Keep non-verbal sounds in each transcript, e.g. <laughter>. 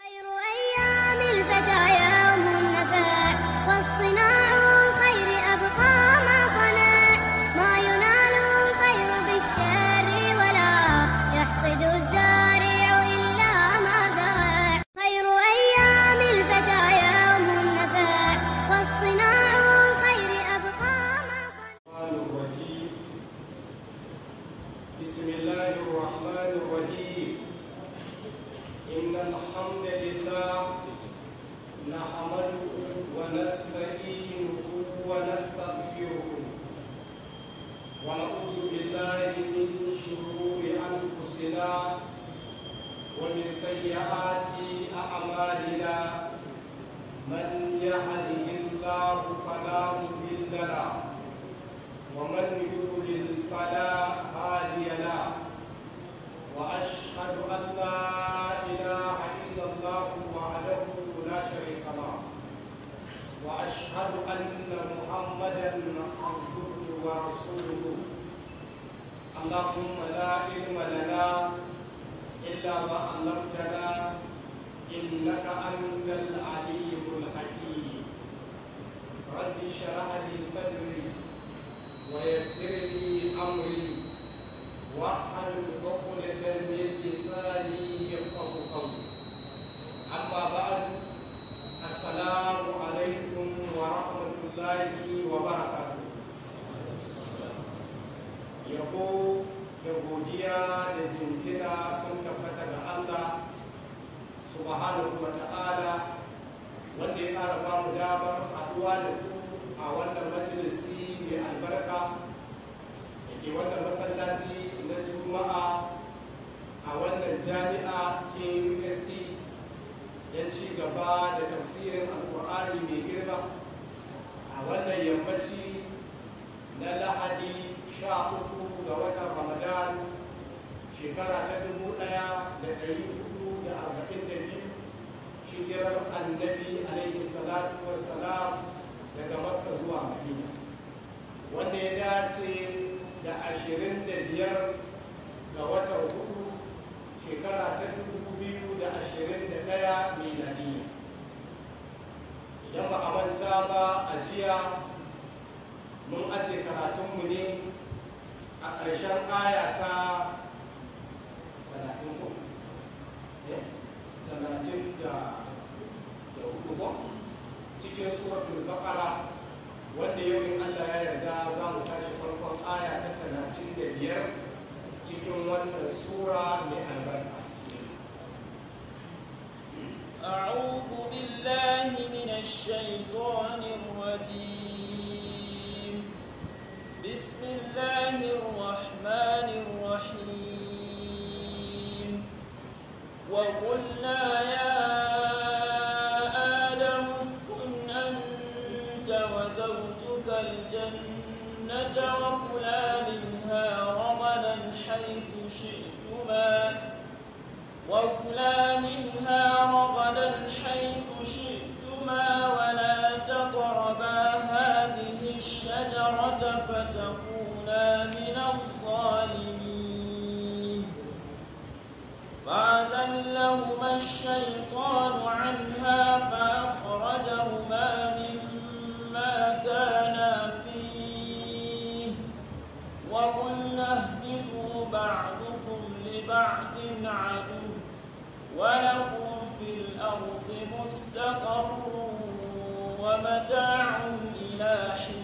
خير ashirin da biyar ga watan hudu shekara ta dubu biyu da ashirin da ɗaya miladiyya idan ba a manta ba a jiya mun aje karatunmu ne a ƙarshen aya ta talatin eh, da hudu cikin suratul baqara wanda yau in Allah ya yarda za mu tashi farkon aya ta talatin da biyar cikin wannan sura mai albarka أعوذ بالله من الشيطان الرجيم بسم الله الرحمن الرحيم وقلنا يا وكلا منها رغدا حيث شئتما ولا تقربا هذه الشجرة فتكونا من الظالمين فأذلهما الشيطان عنها فأخرجهما مما كانا فيه وقلنا اهبطوا بعضكم لبعض عدو ولكم في الأرض مستقر ومتاع إلى حين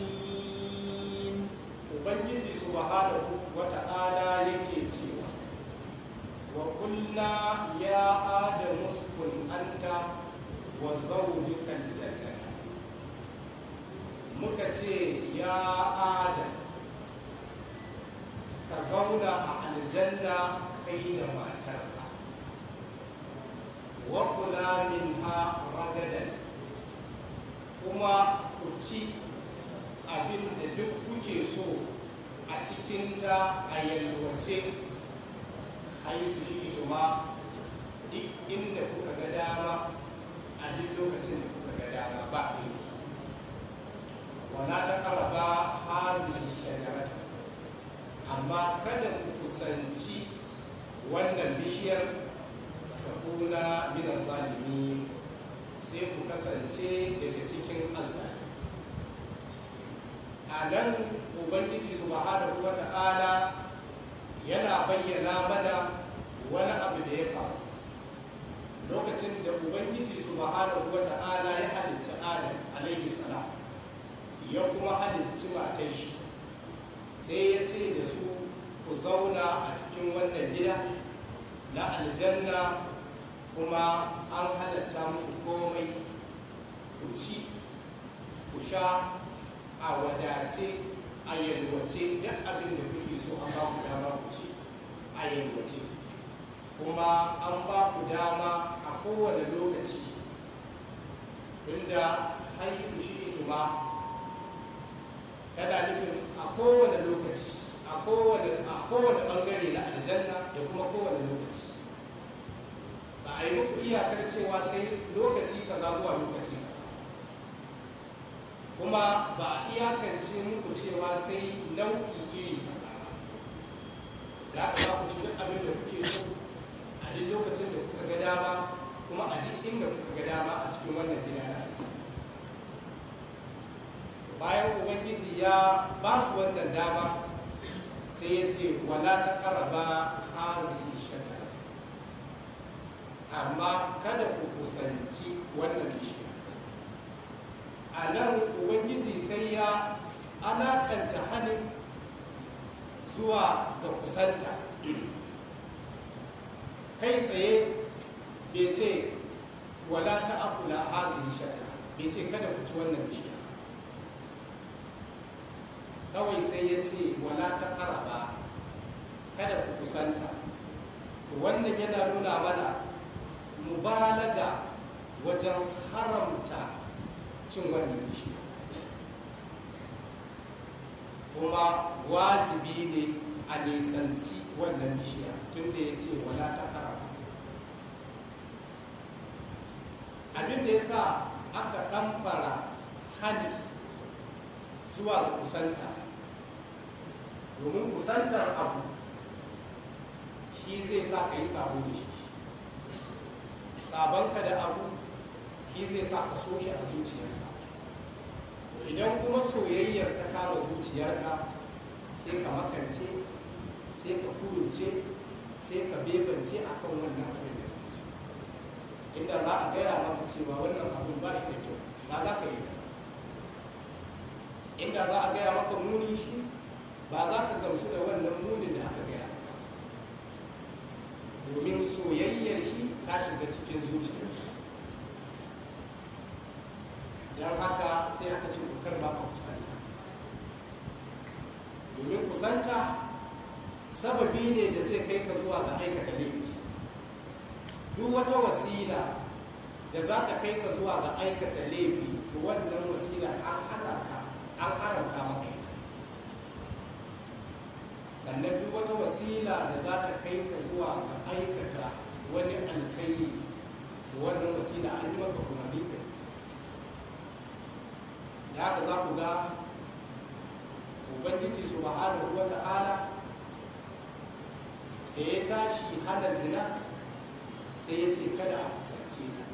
Ubangiji subhanahu wa ta'ala yake cewa wa kulla ya ada kun anta wa zawjukan jannata muka ce ya ada. ka zauna a aljanna kai da matar wa min ha ragadan kuma ku ci abin da duk kuke so a cikin ta a yalwace a yi su shi tuma duk inda kuka ga dama a duk lokacin da kuka ga dama ba ɗaya wana ta karaba hazihi shajarata amma kada ku kusanci wannan bishiyar takuna min zalimi sai ku kasance daga cikin azzali a nan ubangiji subhanahu wa ta'ala yana bayyana mana wani abu da ya faru lokacin da ubangiji subhanahu wa ta'ala ya halicci adam alayhi salam ya kuma halicci matar shi sai ya ce da su ku zauna a cikin wannan gida na aljanna kuma an halatta musu komai ku ci ku sha a wadace a yalwace duk abin da kuke so an ba ku dama ku ci a yalwace kuma an ba ku dama a kowane lokaci inda haifu shi kuma kada nufin a kowane lokaci a kowane bangare na aljanna da kuma kowane lokaci ba a yi muku iyakar cewa sai lokaci ka za zuwa lokaci kaza kuma ba a iyakance muku cewa sai nau'i iri za ba da aka za ku ci duk abin da kuke so a duk lokacin da kuka ga dama kuma a duk inda kuka ga dama a cikin wannan gida na aljanna bayan ubangiji ya ba su wannan dama sai ya ce wala ta karaba hazihi amma kada ku kusanci wannan bishiya a nan ubangiji sai ya alakanta hannun zuwa ga kusanta kai tsaye bai ce wala ta akula hannun sha'ira bai ce kada ku ci wannan bishiya kawai sai ya ce wala ta karaba kada ku kusanta wannan yana nuna mana mubalaga wajen haramta cin wannan bishiya kuma wajibi ne a nisanci wannan bishiya tun da ya ce wala ta karama abin da ya sa aka ɗamfara hali zuwa ga kusanta domin kusantar abu shi zai sa ka yi sabo da shi sabanka da abu ki zai sa ka so shi a zuciyarka idan kuma soyayyar ta kama zuciyarka sai ka makance sai ka kurunce sai ka bebance a kan wannan abin da ka so inda za a gaya maka cewa wannan abin ba shi da kyau ba za ka yi da inda za a gaya maka muni shi ba za ka gamsu da wannan munin da aka gaya domin soyayyar shi ta shiga cikin zuciya don haka sai aka ce ku ba a kusanta domin kusanta sababi ne da zai kai ka zuwa ga aikata laifi duk wata wasila da za ta kai ka zuwa ga aikata laifi to wannan wasila an hana ka an haramta maka ita sannan duk wata wasila da za ta kai ka zuwa ga aikata wani alkhairi to wannan wasila an yi maka kuma da haka za ku ga ubangiji ruwa ta ta'ala da ya tashi hana zina sai ya ce kada a kusance ta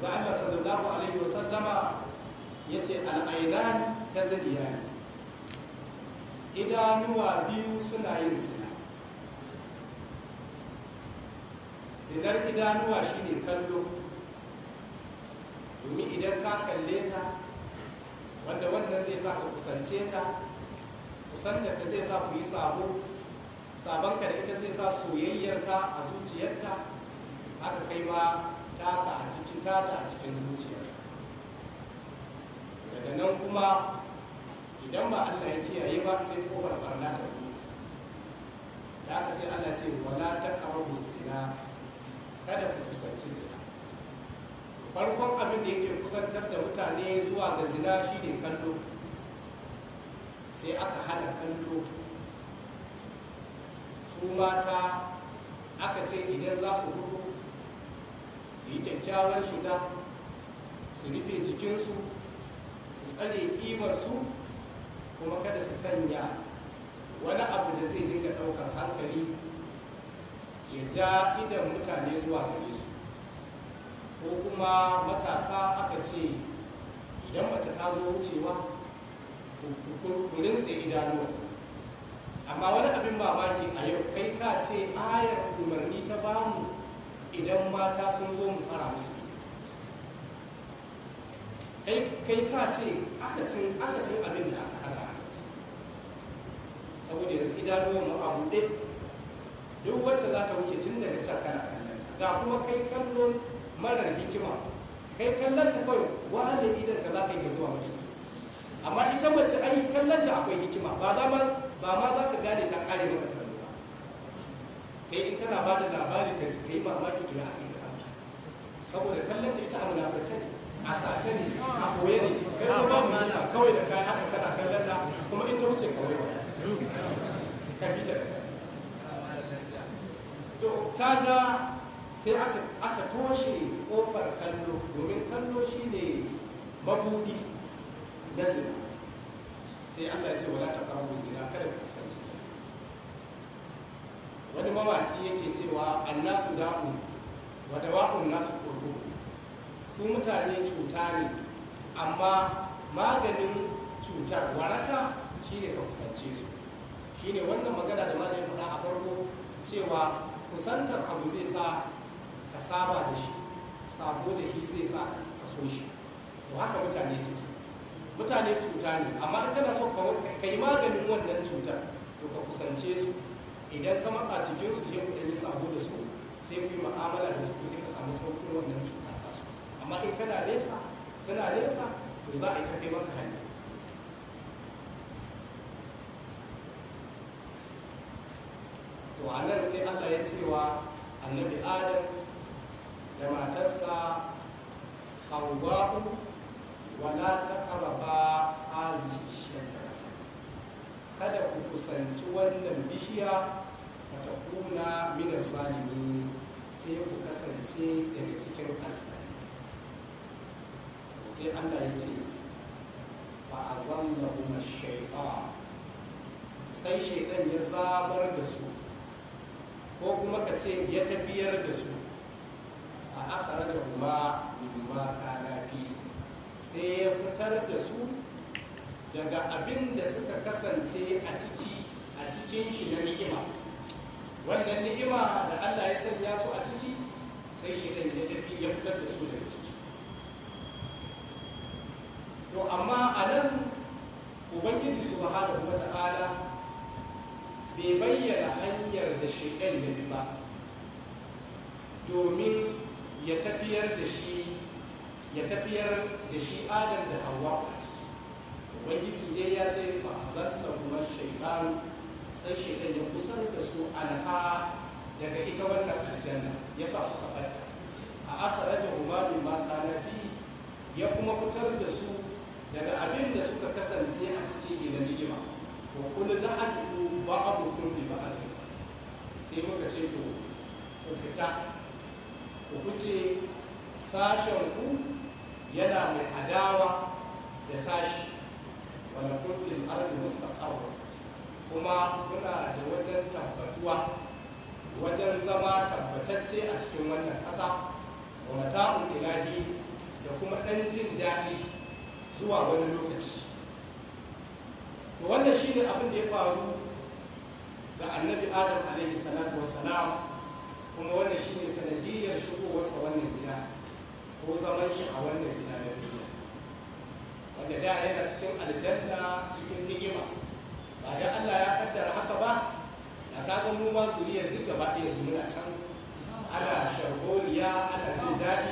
za a Allah sallallahu alaihi wa sallama ya ce al'ainan ta ne idanuwa biyu suna yin zina zinar idanuwa shine kallo domin idan ka kalle ta wanda wannan zai sa ka kusance ta kusantar ta zai sa ku yi sabo sabonka da ita zai sa soyayyarka a zuciyarta haka kai ma ta a cikin tata a cikin daga nan kuma idan ba Allah ya kiyaye ba sai kofar barna da buɗe da haka sai Allah ce wala ta karabu zina kada ku kusanci zina farkon abin da yake kusantar da mutane zuwa ga zina shi ne kallo sai aka hana kallo su mata aka ce idan za su mutu, su yi kyakkyawar shiga su rufe jikinsu su tsare kimarsu kuma kada su sanya wani abu da zai dinga ɗaukar hankali ya ja idan mutane zuwa gare su ko kuma matasa aka ce idan mace ta zo wucewa kurin tsaye idanuwa amma wani abin mamaki a yau kai ka ce ayar umarni ta bamu idan mata sun zo mu fara musu ido kai ka ce akasin abin da aka hana saboda yanzu idanuwa mu abuɗe ɗaya. duk wacce za ta wuce tun daga can kana kallon ga kuma kai kallon marar hikima kai kallon ta kawai wanda idan ka za ka yi zuwa mace amma ita mace ai kallon ta akwai hikima ba za ma ba ma za ka gane ta kare maka kallo ba sai in tana ba da labari ta ji kai mamaki to ya aka saboda kallon ta ita a munafurce ne a sace ne a koye ne kai ba ba mu kawai da kai haka kana kallon ta kuma in ta wuce kawai ba ka bi ta to kaga sai aka toshe kofar kallo domin kallo shine mabudi na zina sai allah ya ce wala ta karamu zina kada ka kusanci wani mawaki yake cewa annasu da'u wa dawa'un nasu kurbu su mutane cuta ne amma maganin cutar waraka shine ka kusance su shine wannan magana da malamin faɗa a farko cewa kusantar abu zai sa ka saba da shi sabo da shi zai sa ka so shi to haka mutane suke mutane cuta ne amma in kana so ka yi maganin wannan cutar to ka kusance su idan ka matsa cikin su je kuɗin sabo da su sai ku yi ma'amala da su ku ka samu saukin wannan cuta ta su amma in kana nesa suna nesa to za a yi ta kai maka hali to a nan sai allah ya cewa annabi adam da matarsa hawa'u wala ta karaba ba kada ku kusanci wannan bishiya ba ta kuna minar zalimi sai ku kasance daga cikin asali sai allah ya ce ba a zan da sai shaiɗan ya zabar da su ko kuma ka ce ya tafiyar da su a akara da kuma mimma ka nafi sai ya fitar da su daga abin da suka kasance a ciki a cikin shi na ni'ima wannan ni'ima da Allah ya sanya su a ciki sai shi ya tafi ya fitar da su daga ciki to amma a nan ubangiji subhanahu wata'ala bai bayyana hanyar da shaidan ya ba domin ya tafiyar da shi da adam da hawa a ciki ubangiji dai ya ce ba a zarta kuma shaitan sai shaidan ya kusar da su anha daga ita wannan aljanna ya sa suka ɓarka a akharaja huma umarin ma kana ya kuma fitar da su daga abin da suka kasance a cikin ila ko wa kullu nahdu ne ba ba'd sai muka ce to ku fita ku kuce sashen ku yana mai adawa da sashi wanda kulkin ardi mustaqarr kuma muna da wajen tabbatuwa wajen zama tabbatacce a cikin wannan ƙasa wa mata'un ilahi da kuma ɗan jin daɗi zuwa wani lokaci wannan wannan shine abin da ya faru ga annabi adam alaihi salatu wa salam kuma wannan shine sanadiyar shigowarsa wannan gida ko zaman shi a wannan gida na duniya wanda da yana cikin aljanna cikin nigima ba da Allah ya kaddara haka ba da kaga mu ma zuriyar duk gaba ɗaya su muna can ana sharholiya ana jin daɗi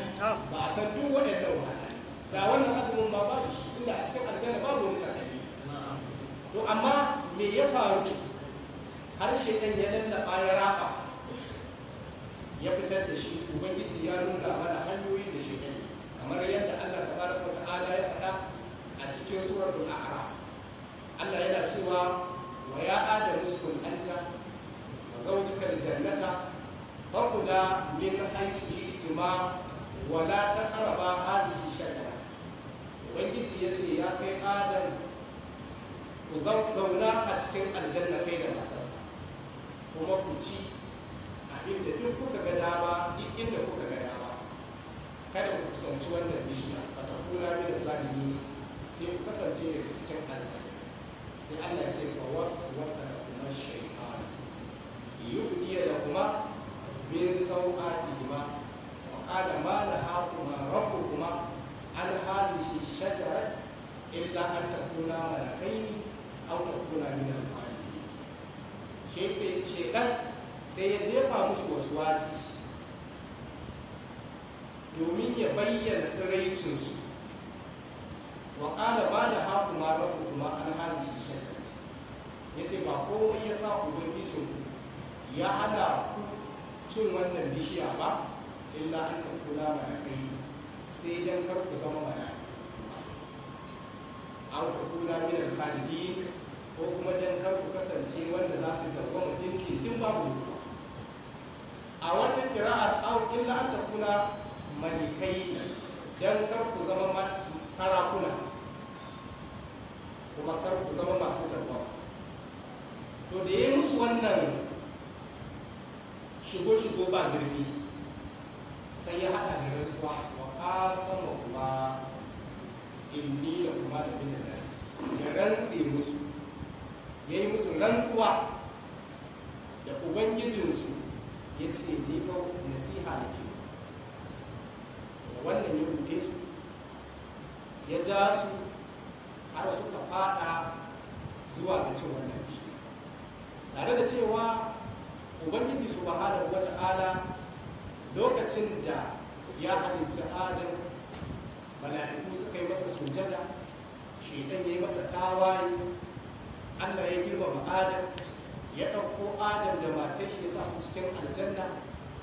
ba a san duk waɗanda wahala da wannan azumin ma ba shi tunda a cikin aljanna babu wani takalmi to amma me ya faru Harshe ɗan ya lallaɓa ya raba ya fitar da shi ubangiji ya nuna mana hanyoyin da shi shaidan kamar yadda Allah fara ko ta'ala ya faɗa a cikin suratul a'raf Allah yana cewa wa ya adamu uskun anta wa zawjuka aljannata da min haythu shi'tuma wa la taqraba hadhihi shajara ubangiji ya ce ya kai adam ku zauna a cikin aljanna kai da matar kuma ku ci abin da duk kuka ga dama duk inda kuka ga dama kada ku kusanci wannan bishiya a takura da zalimi sai ku kasance daga cikin azali sai Allah ce ka wasu wasa da kuma shaitan yubdiya da kuma sauka sau'atihima wa kada ma ma rabu kuma an shi shajarar illa an takuna malakaini aw ne da kuma shi sai ya jefa musu wasu wasi domin ya bayyana tsiraicinsu wa ƙala ba da haku ma rabu kuma an hazihi shakkati ya ce ba komai ya sa ubangijinku ya hana ku cin wannan bishiya ba illa an ta kula na kai sai dan kar zama mana an kula minar alkhalidin ko kuma dan kar ku kasance wanda za su dawwama dinkin din babu mutuwa a wata kira'ar au illa an takuna malikai don kar ku zama sarakuna kuma kar ku zama masu karɓa to da ya musu wannan shigo-shigo ba zirbi sai ya haɗa da rantsuwa wa kafan wa kuma inni da kuma da bin da ya rantse musu ya yi musu rantsuwa da ubangijinsu ya ce ni ba nasiha da ke wannan ya buɗe su ya ja su har suka fada zuwa ga cin wannan shi tare da cewa ubangiji su wata hada lokacin da ya halicci adam bala'iku suka yi masa sujada ɗan ya yi masa tawaye Allah ya ma Adam ya ɗauko Adam da matar shi yasa su cikin aljanna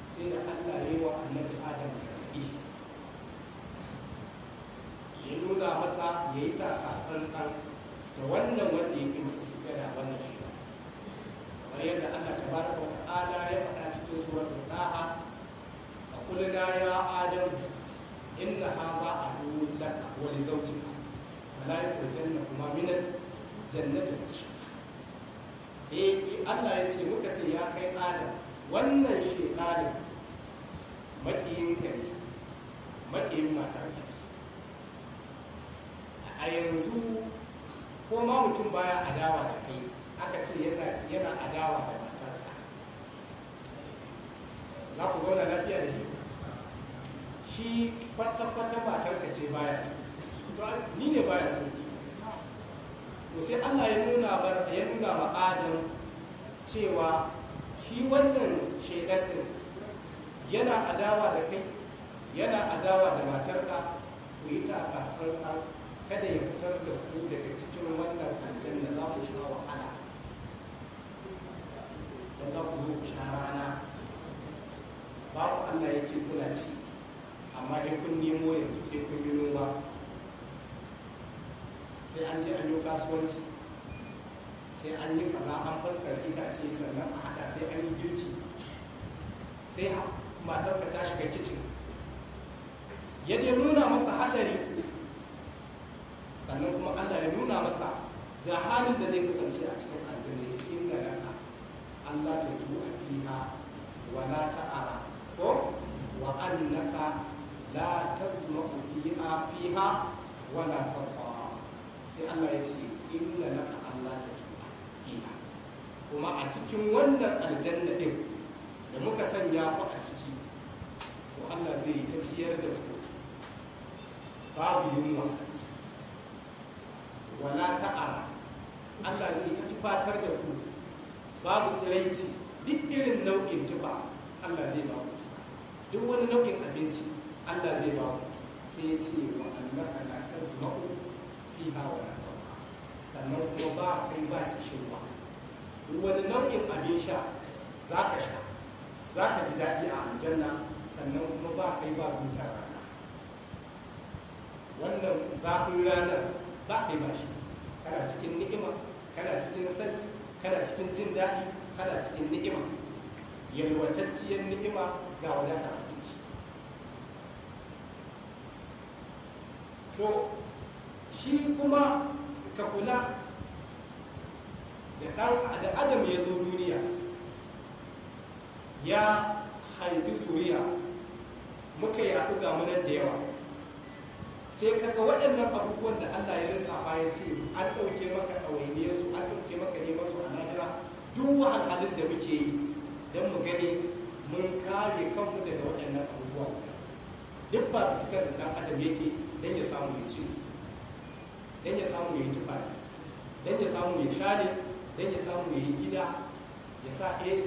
sai da Allah ya yi wa annabi Adam gargaɗi ya nuna masa ya yi taka tsantsan da wannan wanda ya yi masa sujjada wannan shi kamar yadda Allah ta bar wa ta'ala ya faɗa cikin da ta'a a kulina ya Adam inna hadha aduwwun laka wa li zawjika fala yukhrijannakum kuma minan. jannatul tashrik sai Allah ya ce muka ce ya kai adam wannan shedanin makiyin ka ne makiyin matar ka a yanzu ko ma mutum baya adawa da kai aka ce yana adawa da matar ka za ku zauna lafiya da shi shi kwata-kwata matar ka ce baya so ni ne baya so to sai Allah ya nuna ba ya nuna ma Adam cewa shi wannan shedar din yana adawa da kai yana adawa da matarka ku yi ta tsantsan kada ya fitar da ku daga cikin wannan aljanna za ku sha wahala don za ku zo ku sha rana babu Allah yake kuna ci amma in kun nemo yanzu sai kun yi noma sai an je an yi kasuwanci sai an yi kaza an faskar itace sannan a haɗa sai an yi girki sai matar ka ta shiga kicin ya nuna masa haɗari sannan kuma allah ya nuna masa ga halin da zai kasance a cikin aljanna cikin gadaka allah ta a fiha wa la ta'ara ko wa annaka la tazma'u fiha fiha wa la sai Allah ya ce inna ka Allah ta tuba ina kuma a cikin wannan aljanna din da muka sanya ku a ciki to Allah zai ta ciyar da ku babu yunwa wala ta'ara Allah zai ta tufatar da ku babu tsiraici duk irin nau'in tufa Allah zai ba ku duk wani nau'in abinci Allah zai ba ku sai ya ce wa annaka la tazma'u fi ba wadatar sannan kuma ba kai ba ta shi kishirwa wani nau'in abin sha za ka sha za ka ji daɗi a aljanna sannan kuma ba kai ba duka rana wannan zafin ranar ba kai ba shi kana cikin ni'ima kana cikin sani kana cikin jin daɗi kana cikin ni'ima yalwatacciyar ni'ima ga wadatar abinci to shi kuma ka kula da adam ya zo duniya ya haifi suriya muka yaɗu ga munan da yawa sai kaga waɗannan abubuwan da Allah ya nisa ya ce an ɗauke maka ɗawainiyar su an ɗauke maka neman su a lahira duk wahalhalun da muke yi don mu gani mun kare kanmu daga waɗannan abubuwa duk ba da ɗan adam yake don ya samu ya ci don ya samu ya yi tufafi don ya samu ya share don ya samu ya yi gida ya sa ac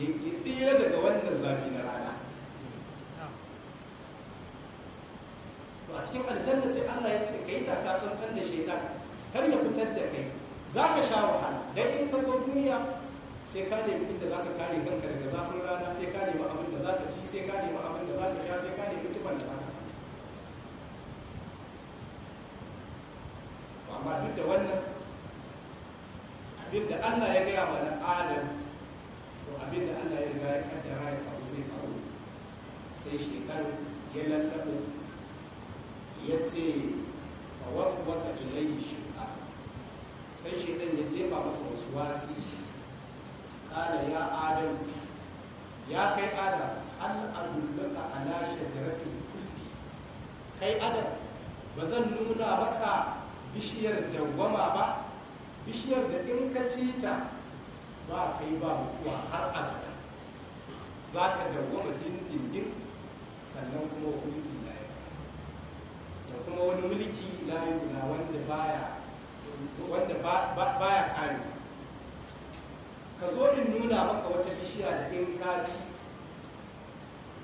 ya tsira daga wannan zafi na rana a cikin aljanna sai allah ya ce ka yi takatun ɗan da shaidan kar ya fitar da kai za ka sha wahala don in ka zo duniya sai ka nemi inda za ka kare kanka daga zafin rana sai ka nemi abin da za ka ci sai ka nemi abin da za ka sha sai ka nemi tufan da za ka amma duk da wannan abinda allah ya gaya mana adam to abinda allah ya riga ya kaddara ya faru zai faru sai shekaru ya lallabo ya ce a wasu wasa ilayi shekar sai shekaru ya jefa masa wasu wasi kada ya adam ya kai adam an adullaka ala shajaratul kulti kai adam ba zan nuna maka bishiyar dawwama ba bishiyar da in ka ci ta ba kai ba mutuwa har abada za ka dawwama dindindin sannan kuma mulkin da da kuma wani mulki layi na wanda baya wanda baya karewa ka zo in nuna maka wata bishiya da in ka ci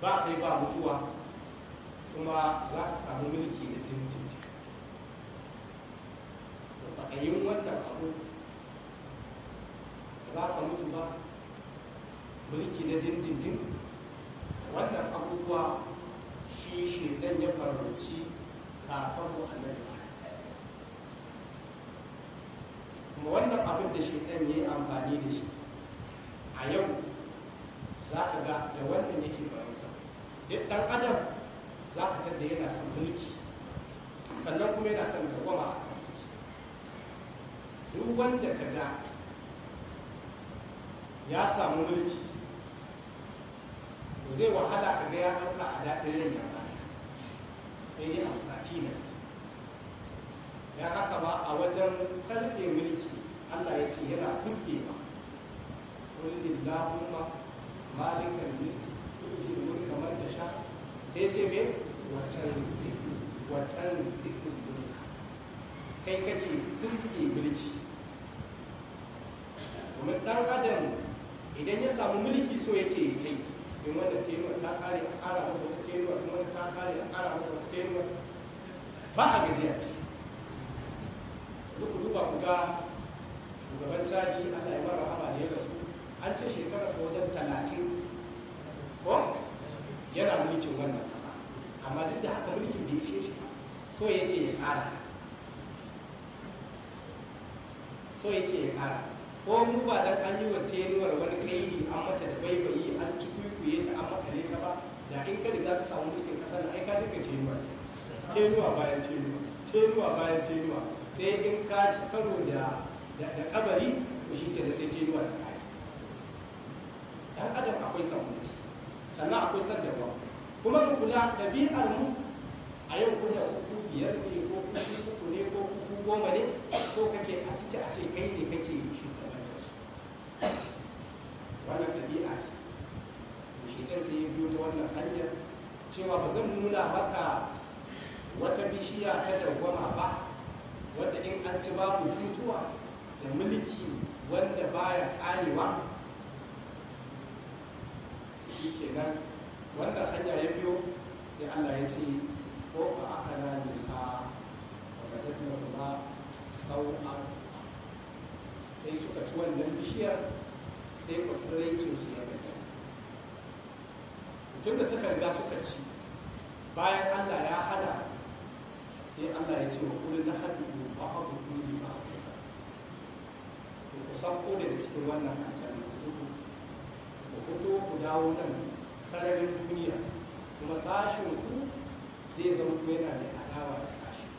ba kai ba mutuwa kuma za ka samu mulki da dindindin yin wannan abu da za ka mutu ba mulki na dindindin wannan abubuwa shi dan ya farauci kakanmu annabi kuma wannan abin da shi ya yi amfani da shi a yau za ka ga da wannan yake farauta duk ɗan adam za ka tadda yana son mulki sannan kuma yana son dawama duk wanda ka da ya samu mulki zai wahala ka ga ya ɗauka a daɗin rai ya baya sai dai amsa tilas ya haka ba a wajen karɓe mulki allah ya ce yana fuske ba kullum lahumma malikan mulki kullum mulka man da sha ya ce me wancan zikin watan zikin mulka kai kake fuske mulki domin dan adam idan ya samu mulki so yake ta yi in wanda tenuwar ta kare a kara masa wata tenuwar in wanda ta kare a kara masa wata tenuwar ba a gajiya yanzu ku duba ku ga shugaban cadi allah ya mara hama da ya rasu an ce shekararsa wajen talatin ko yana mulkin wannan kasa amma duk da haka mulkin ya ishe shi ba so yake ya kara so yake ya kara ko mu ba dan an yi wa tenuwar wani kaini an mata da baibayi an ci kuikuye ta an makale ta ba da in ka riga ka samu mulkin kasa na aika ka dinga tenuwa tenuwa bayan tenuwa tenuwa bayan tenuwa sai in ka ci karo da da kabari to shi ke da sai tenuwa ta kare dan adam akwai samun mulki sannan akwai san daban kuma ka kula ɗabi'ar mu a yau kuna uku biyar ne ko uku ne ko ku goma ne so kake a ciki a ce kai ne kake shuka. wannan ɗabi'a ce mushikin sai ya biyo ta wannan hanyar cewa ba zan nuna maka wata bishiya ta dawwama ba wadda in an ci babu mutuwa da mulki wanda baya karewa shi kenan wannan hanya ya biyo sai allah ya ce ko ba a akala ne a wadda ta sau'a sai suka ci wannan bishiyar sai kwasaraicin su ya gada tun da suka riga suka ci bayan allah ya hada sai allah ya ce wa kuli na hadu ba a kuli ba a kai ba ku sako daga cikin wannan aljanna ku duku ku fito ku dawo nan sararin duniya kuma sashen ku zai zama yana da adawa da sashen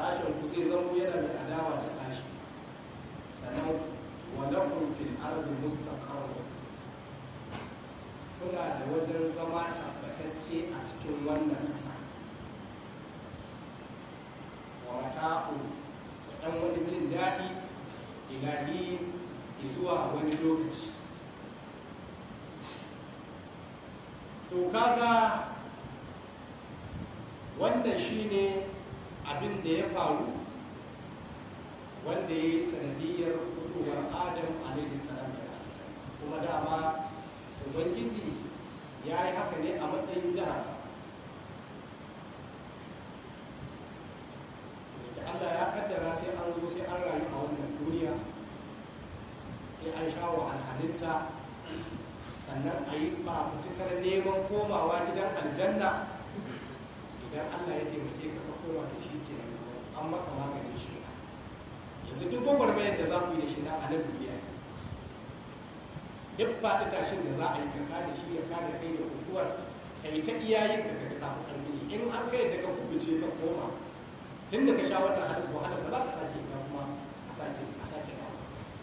sashen ku zai zama yana mai adawa da sashi sannan walakum fil ardi mustaqarrun kuna da wajen zama tabbatacce a cikin wannan ƙasa wa mata'u dan wani jin daɗi ilahi zuwa wani lokaci to kaga wanda shine abin da ya faru wanda ya yi sanadiyar fitowar adam alaihi salam da ta kuma dama ubangiji ya yi haka ne a matsayin jaraba da allah ya kaddara sai an zo sai an rayu a wannan duniya sai an sha wahalhalinta sannan a yi ba fitikar neman komawa gidan aljanna idan allah ya taimake ka ka koma da shi ke an maka maganin shi yanzu duk gwagwarmayar da za ku yi da shi na a nan duniya duk faɗi tashin da za a yi ka kada shi ya kada kai da hukuwar ka yi ta yin ka ka tafi karfi in an kai da ka kubuce ka koma tun da ka sha wata halin wahala ba za ka sake ka kuma a sake a sake ka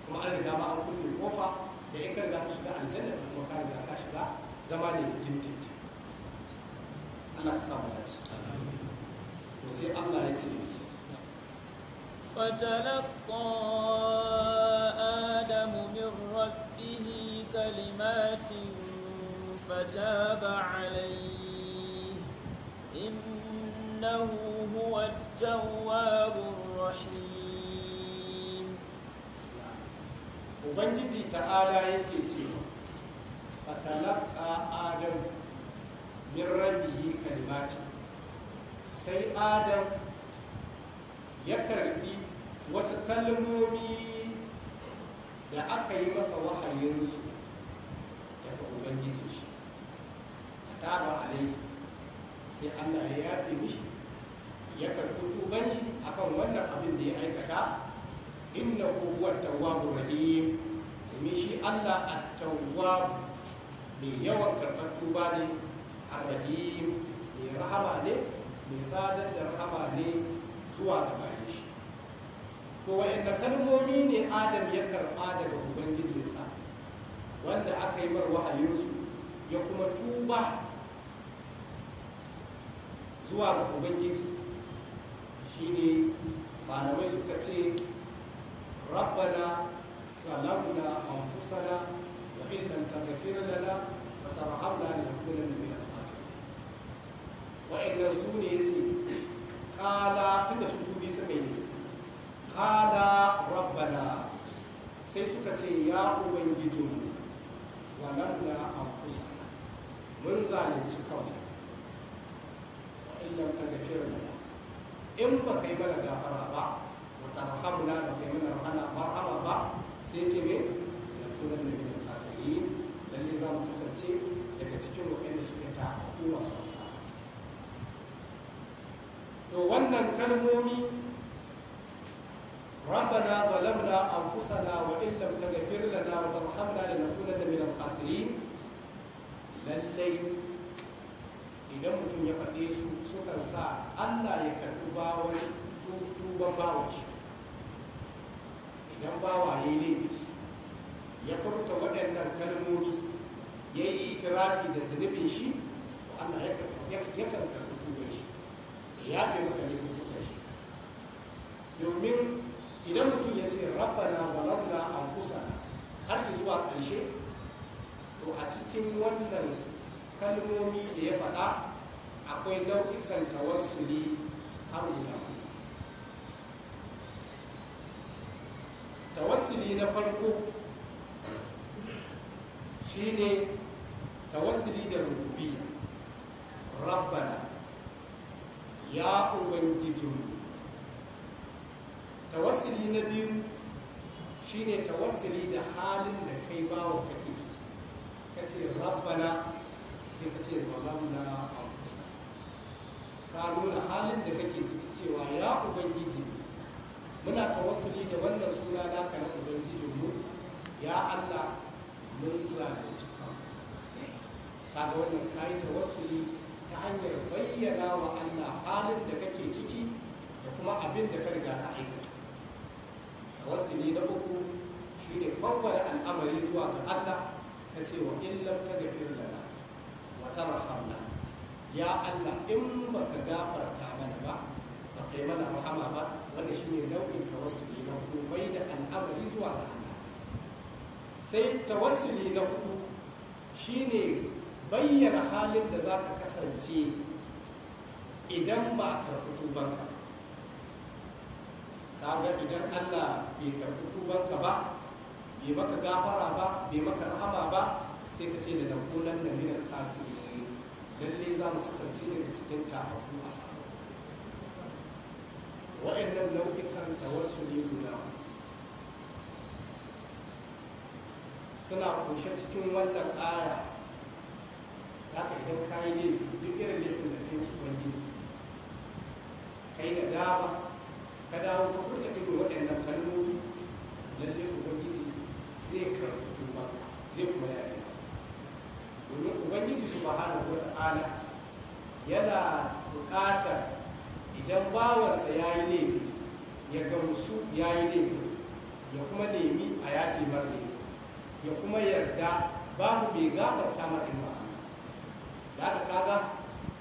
kuma an riga ma an kulle kofa da in ka riga ka shiga aljanna kuma ka riga ka shiga zama ne dindindin Allah ka samu dace to sai Allah ya ce فتلقى آدم من ربه كلمات فتاب عليه إنه هو التواب الرحيم وبنجي تعالى يكي فتلقى آدم min rabbihi kalimati sai adam ya karbi wasu kalmomi da aka yi masa wahayinsu daga ubangijin shi a taba alaihi sai allah ya yafe mishi ya karbi tuban shi akan wannan abin da ya aikata inda huwa tawwabur rahim domin shi allah at-tawwab mai yawan karɓar tuba ne arrahim mai rahama ne mai sadar da rahama ne zuwa ga bayan shi to wa'anda kalmomi ne adam ya karɓa daga ubangijinsa wanda aka yi a wahayinsu ya kuma tuba zuwa ga ubangiji shine malamai suka ce rabbana salamna anfusana wa in lam taghfir lana wa tarhamna lanakunanna min wa'annan su ne ya ce kala tun da su su bi mai ne kala rabbana sai suka ce ya ubangijinmu da a kusa mun zalunci kawai wa'annan ta gafiyar lana in ba yi mana gafara ba wa da ba kai mana rahana rahama ba sai ce me na tunan da min fasiri lalle za mu kasance daga cikin wa'anda suka ta hukuma masu wasa to wannan kalmomi rabbana zalamna anfusana wa in lam taghfir lana wa tarhamna lanakunanna minal khasirin lallai idan mutum ya faɗe su sukan sa Allah ya karɓi bawon tuban bawon shi idan bawaye ne ya furta waɗannan kalmomi ya yi itirafi da zunubin shi Allah ya karɓi ya fi masa laifukan shi domin idan mutum ya ce Balauna a kusa har zuwa ƙarshe to a cikin wannan kalmomi da ya faɗa akwai nau'ikan tawassuli har guda tawassuli na farko shine tawassuli da rububiyya rabbana ya ubangijinmu tawassuli na biyu shine tawassuli da halin da kai bawa kake ciki kace rabbana kai kace a anfusa ka nuna halin da kake ciki cewa ya ubangiji muna tawassuli da wannan suna ka na mu? ya Allah mun cikin ka ga wannan kai tawassuli ta hanyar bayyana wa Allah halin da kake ciki da kuma abin da ka riga ka aikata ne na uku shi shine babbada al'amari zuwa ga Allah ka ce wa illar ta ga lana wa rahamna. ya Allah in baka gafarta mana ba ba kai mana rahama ba shi ne nau'in wasu ne na uku bai da al'amari zuwa ga Allah sai tawassuli na hudu ne. bayyana halin da za ka kasance idan ba a karɓi tubanka ga idan allah bai karɓi tubanka ba bai maka gafara ba bai maka rahama ba sai ka ce da kasu da minar tasiri lalle za mu kasance daga cikin tafafu a samu wa'annan nau'ikan ne guda suna kunshe cikin wannan ƙara. haka idan ka yi laifi duk irin laifin da kai ubangiji ka yi nadama ka dawo ka furta irin waɗannan kalmomi lalle ubangiji zai karɓi tuba zai kuma yaɗe domin ubangiji subhanahu wata'ala yana buƙatar idan bawansa ya yi laifi ya gamsu ya yi laifi ya kuma nemi a yaƙi mar ya kuma yarda babu mai gafarta mar ba. da aka kaga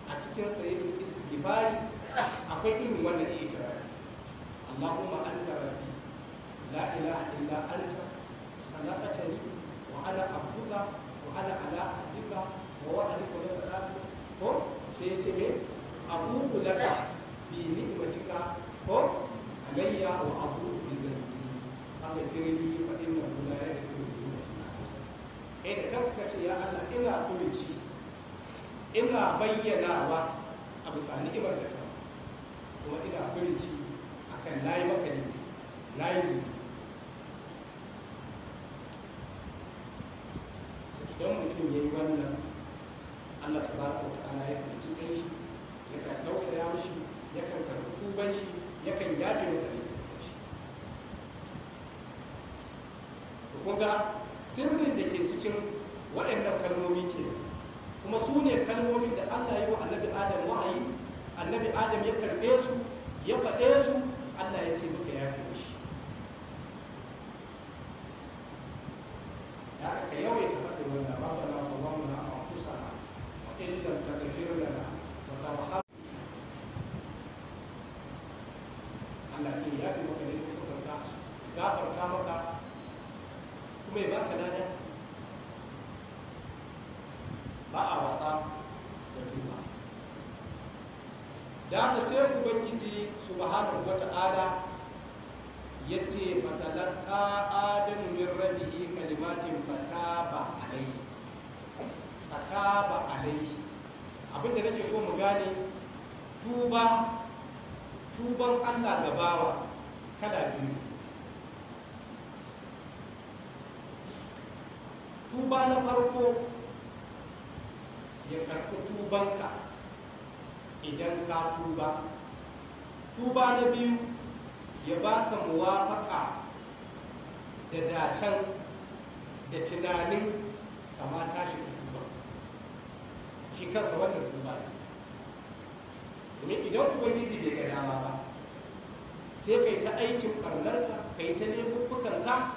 a cikin yin istighfari akwai irin wannan ikirari Allahumma anta rabbi la ilaha illa anta khalaqtani wa ana abduka wa ana ala ahdika wa alika mustaqim ko sai yace me abudu laka bi ni'matika ko alayya wa abudu bi zambi kaga firli fa innahu la yaghfiru dhunuba kai da kanka ce ya Allah ina ci ina bayyanawa a bisa ni'imar da ka kuma ina kan akan yi maka ne nayi zubi idan mutum ya yi wannan allah ta baraka wa ta'ala ya ci kai shi ya kan tausaya mishi ya kan karɓi tuban shi ya kan yaɗe masa ne kun ga sirrin da ke cikin waɗannan kalmomi nan kuma su ne kalmomin da Allah ya wa annabi Adam wa'ayi annabi Adam ya karɓe su ya faɗe su Allah ya ce da haka sai ubangiji subhanahu wata'ala ya ce matalaka adamu min rabihi kalimatin fataba alaihi fataba alaihi abinda nake so mu gane tuba tuban allah gabawa kada biyu tuba na farko ya karɓi tubanka idan ka tuba tuba na biyu ya baka muwafaka da dacen da tunanin kamata shi ka tuba shi kansa wannan tuba ne domin idan ubangiji bai ga dama ba sai kai ta aikin ka kai ta ka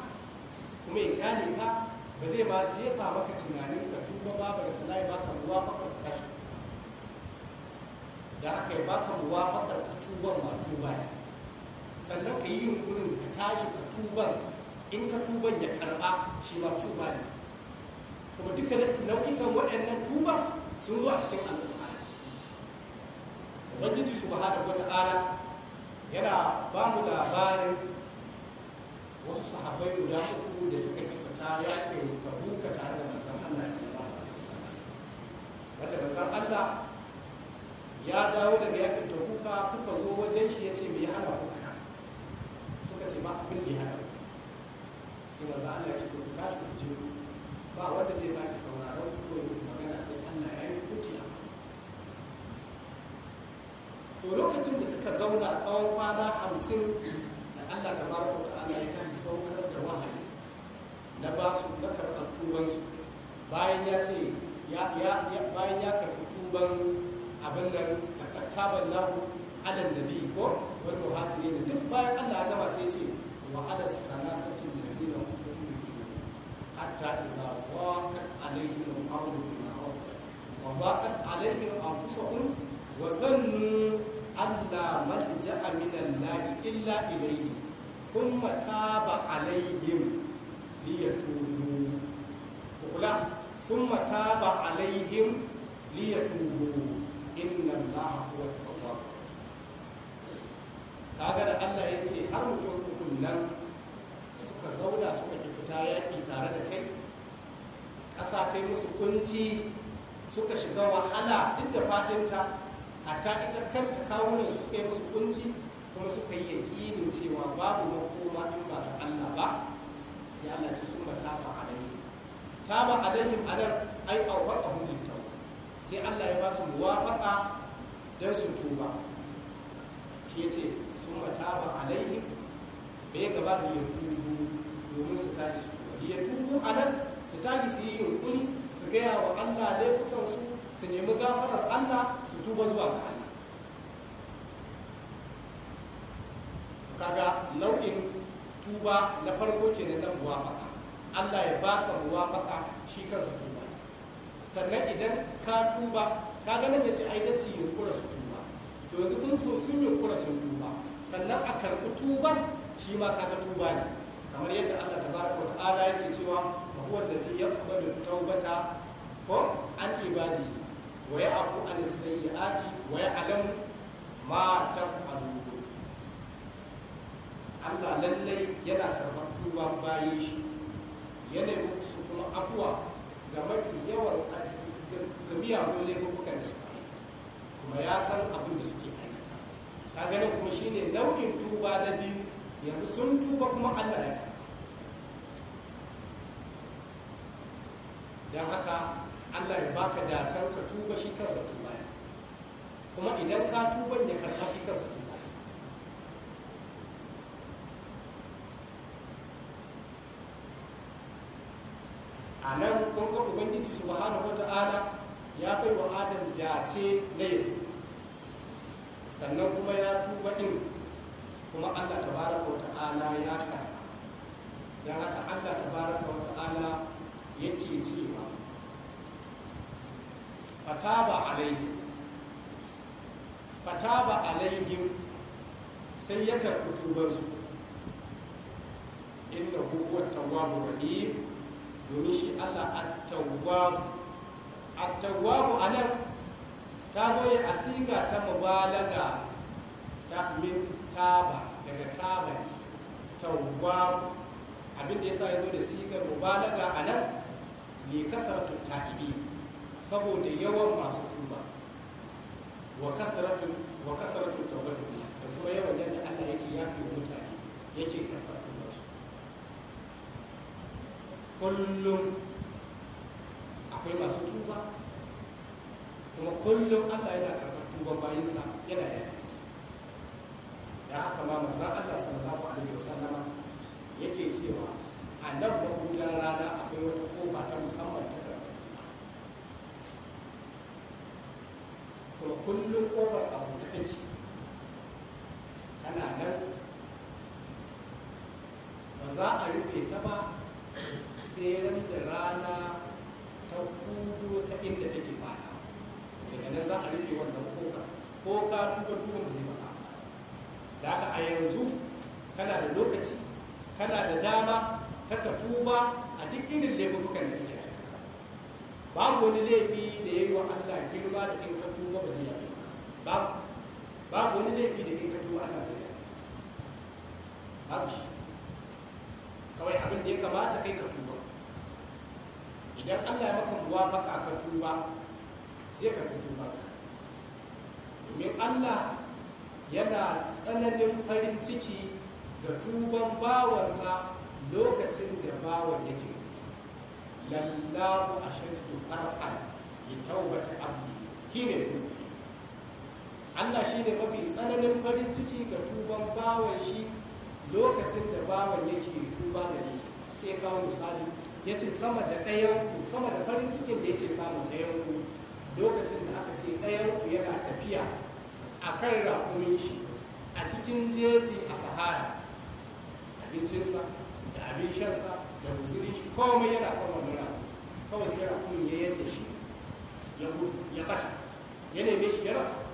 kuma ya kyale ka ba zai ma jefa maka tunanin ka tuba ba ba da kula ya baka muwafaka ka tashi da aka yi baka muwafaqar ka tuban ma tuba ne sannan ka yi yunkurin ka tashi ka tuban in ka tuban ya karba shi ma tuba ne kuma duka nau'ikan waɗannan tuban sun zo a cikin alƙur'ani ubangiji subhanahu ta'ala yana ba mu labarin wasu sahabai guda uku da suka yi fita ya ke tabuka tare da manzon Allah sallallahu alaihi wasallam wanda manzon Allah ya dawo daga yakin tabuka suka zo wajen shi ya ce me hana kuka suka ce ba abin da ya hana sai ba Allah ya ce ko ku shi ku je ba wanda zai ki sauraron ku ko magana sai Allah ya yi hukunci a to lokacin da suka zauna tsawon kwana hamsin da Allah ta baraka ta ala ya kan saukar da wahayi na ba su na karɓar tubansu bayan ya ce bayan ya karɓi tuban abin nan da kattaban lahu alan nabi ko wani muhatiri ne duk bayan Allah gama sai ce wa ala salasatu nasira wa kullu hatta iza waqat alayhi al-amru bima waqat wa waqat alayhi al-anfusuhum wa zannu alla malja'a aminan Allah illa ilayhi thumma mataba alayhim liyatubu kula thumma liyatubu inna allaha huwa tawwab kaga da Allah ya ce har mutum uku nan da suka zauna suka ki fita yaƙi tare da kai ƙasa ta yi musu kunci suka shiga wahala duk da faɗinta hatta ita kanta kawunan su suka yi musu kunci kuma suka yi yaƙinin cewa babu makoma in ba ta Allah ba sai Allah ce sun ba ta ba alaihi ta ba alaihim anan ai auwaqahum lid sai Allah ya ba su muwafaka don su tuba shi ya sun mata ba bai gaba da ya tubu domin su tashi su tuba ya tubu a nan su tashi su yi yunkuri su gaya wa Allah laifukansu su nemi gafarar Allah su tuba zuwa ga Allah kaga nau'in tuba na farko kenan nan muwafaka Allah ya baka muwafaka shi kansa tuba sannan idan ka tuba ka ganin ya ce ai dan su yunkura su tuba to yanzu sun so sun yunkura sun tuba sannan a karɓi tuban shi ma kaga tuba ne kamar yadda Allah tabaraka wa ta'ala yake cewa wa huwa alladhi yaqbalu tawbata ko an ibadi wa ya'fu an sayyiati wa ya'lamu ma taf'alun Allah lallai yana karɓar tuban bayan shi yana yi kuma afuwa ga mafi yawan ga miyagun laifukan da suka kuma ya san abin da suke aikata ta gani kuma shine nau'in tuba na biyu yanzu sun tuba kuma allah ya don haka allah ya baka dacen ka tuba shi kansa tuba kuma idan ka tuba ya karɓa shi kansa tuba ubangiji subhanahu wata'ala ya bai wa adam dace na yanzu sannan kuma ya tuba din kuma allah tabaraka wata'ala ya ka don haka allah tabaraka wata'ala yake cewa fataba alaihi fataba alaihi sai ya karɓi tubansu inda huwa tawabu rahim domin shi Allah at tawwabu at-tawwab anan ta zo ne a siga ta mubalaga ta min taba daga taba tawwabu abin da yasa ya zo da sigar mubalaga anan li kasratu ta'ibi saboda yawan masu tuba wa kasratu wa kasratu tawbatu da kuma yawan yadda Allah yake yafe mutane yake karfafa kullum akwai masu tuba kuma kullum allah yana karɓar tuban sa yana yaƙi da haka ma maza allah sallallahu alaihi wasallama yake cewa a nan mahudan rana akwai wata kofa ta musamman ta karɓar kuma kullum kofar abu da take tana nan ba za a rufe ta ba sai ran da rana ta kudo ta inda take fada daga nan za a rufe wannan koka ko ka tuba tuba ba zai baka da haka a yanzu kana da lokaci kana da dama ta ka tuba a duk irin laifukan da kake aikata babu wani laifi da ya yi wa Allah girma da in ka tuba ba zai babu babu wani laifi da in ka tuba Allah ba zai babu shi kawai abin da ya kamata kai ka tuba idan allah ya maka ruwa maka ka tuba sai ka tuba domin allah yana tsananin farin ciki da tuban bawansa lokacin da bawan yake lallahu a shirsu ƙar'an ya taubata abdi shi ne tuba allah shi ne mafi tsananin farin ciki ga tuban bawan shi lokacin da bawan yake tuba gare sai kawo misali ya ce sama da ɗayan sama da farin cikin da yake samun ɗayan ku lokacin da aka ce ɗayan yana tafiya a kan rakumin shi a cikin jeji a sahara abincinsa da abin shansa da musulun shi komai yana kan wannan kawai sai rakumin ya yadda shi ya gudu ya bata ya neme shi ya rasa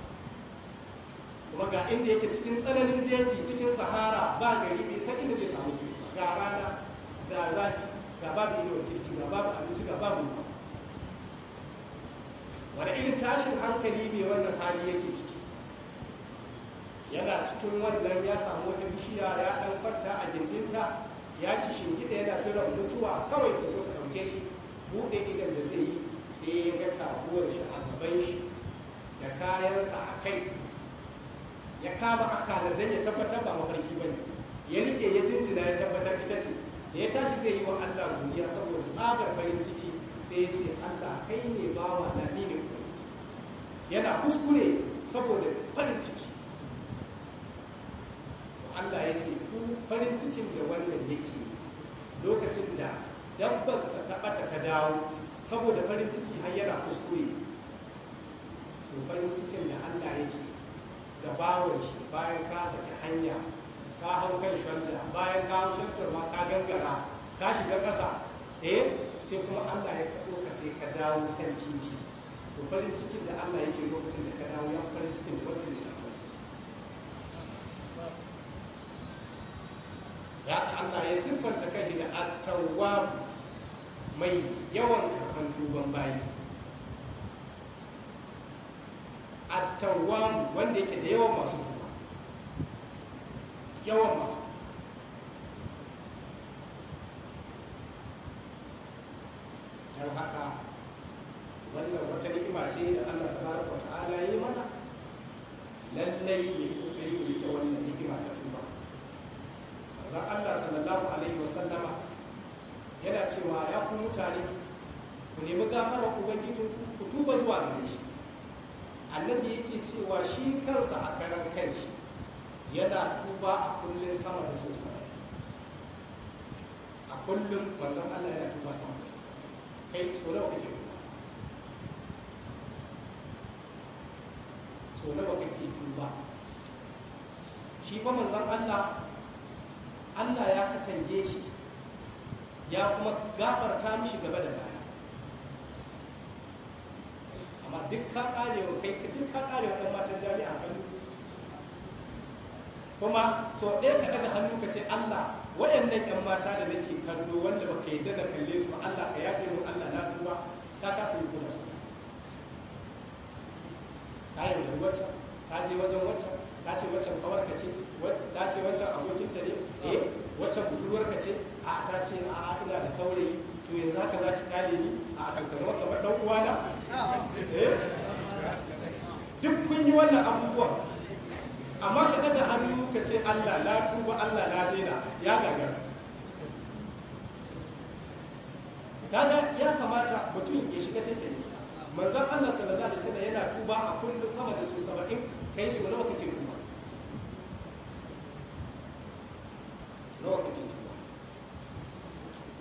kuma ga inda yake cikin tsananin jeji cikin sahara ba gari bai san inda zai samu ga rana ga zafi ga babu inuwar kirki ga babu abinci ga babu ba wani irin tashin hankali ne wannan hali yake ciki yana cikin wannan ya samu wata bishiya ya dan farta a gindinta ya ci shingida yana jiran mutuwa kawai ta zo ta ɗauke shi buɗe idan da zai yi sai ya ga taguwar shi a gaban shi da kayansa a kai ya kama akalar dan ya tabbatar ba mafarki ba ne ya rike ya jinjina ya tabbatar ita ce da ya tashi zai yi wa Allah godiya saboda tsagar farin ciki sai ya ce Allah kai ne bawa na ni ne yana kuskure saboda farin ciki Allah ya ce tu farin cikin da wannan yake lokacin da dabbar ta bata ta dawo saboda farin ciki har yana kuskure to farin cikin da Allah yake da bawon shi bayan ka saki hanya ka hau kan shalla bayan ka hau shallar ma ka gangara ka shiga ƙasa eh sai kuma allah ya kaɗo ka sai ka dawo kan titi to farin cikin da allah yake lokacin da ka dawo ya farin cikin lokacin da ka ya allah ya siffanta kai da attawwabu mai yawan karɓan tuban bayi attawwamu wanda yake da yawan masu tuba yawan masu tuba don haka wannan wata ni'ima ce da Allah tabaraka wa ta'ala yi mana lallai mai kokari mu rike wannan ni'ima ta tuba za Allah sallallahu alaihi wasallama yana cewa ya ku mutane ku nemi gafarar ubangijin ku tuba zuwa gare shi annabi yake cewa shi kansa a karan kanshi yana tuba a kullum sama da so a kullum manzon Allah yana tuba sama da so kai so nawa kake tuba so nawa kake tuba shi ba manzon Allah Allah ya katange shi ya kuma gabarta mishi gaba da baya amma duk ka karewa kai duk ka karewa ɗan matan jami'a kan kuma sau ɗaya ka daga hannu ka ce Allah waɗannan ƴan mata da nake kallo wanda baka yi daga kalle su ba Allah ka yafe mu Allah na tuba ka kasa yi kula su ka wani wacan ka je wajen wacan ka ce wacan kawar ka ce eh, ta ce wacan abokin ta ne eh wacan budurwar ka ce a ta ce a ina da saurayi to yanzu haka za ki kyale ni a kankara kamar dan na? Eh? duk kun yi wannan abubuwan amma ka daga hannu ka ce Allah na tuba Allah na daina ya gagara kaga ya kamata mutum ya shiga tattalinsa manzan Allah sallallahu alaihi wasallam yana tuba a kullum sama da su 70 kai so nawa kake tuba nawa kake tuba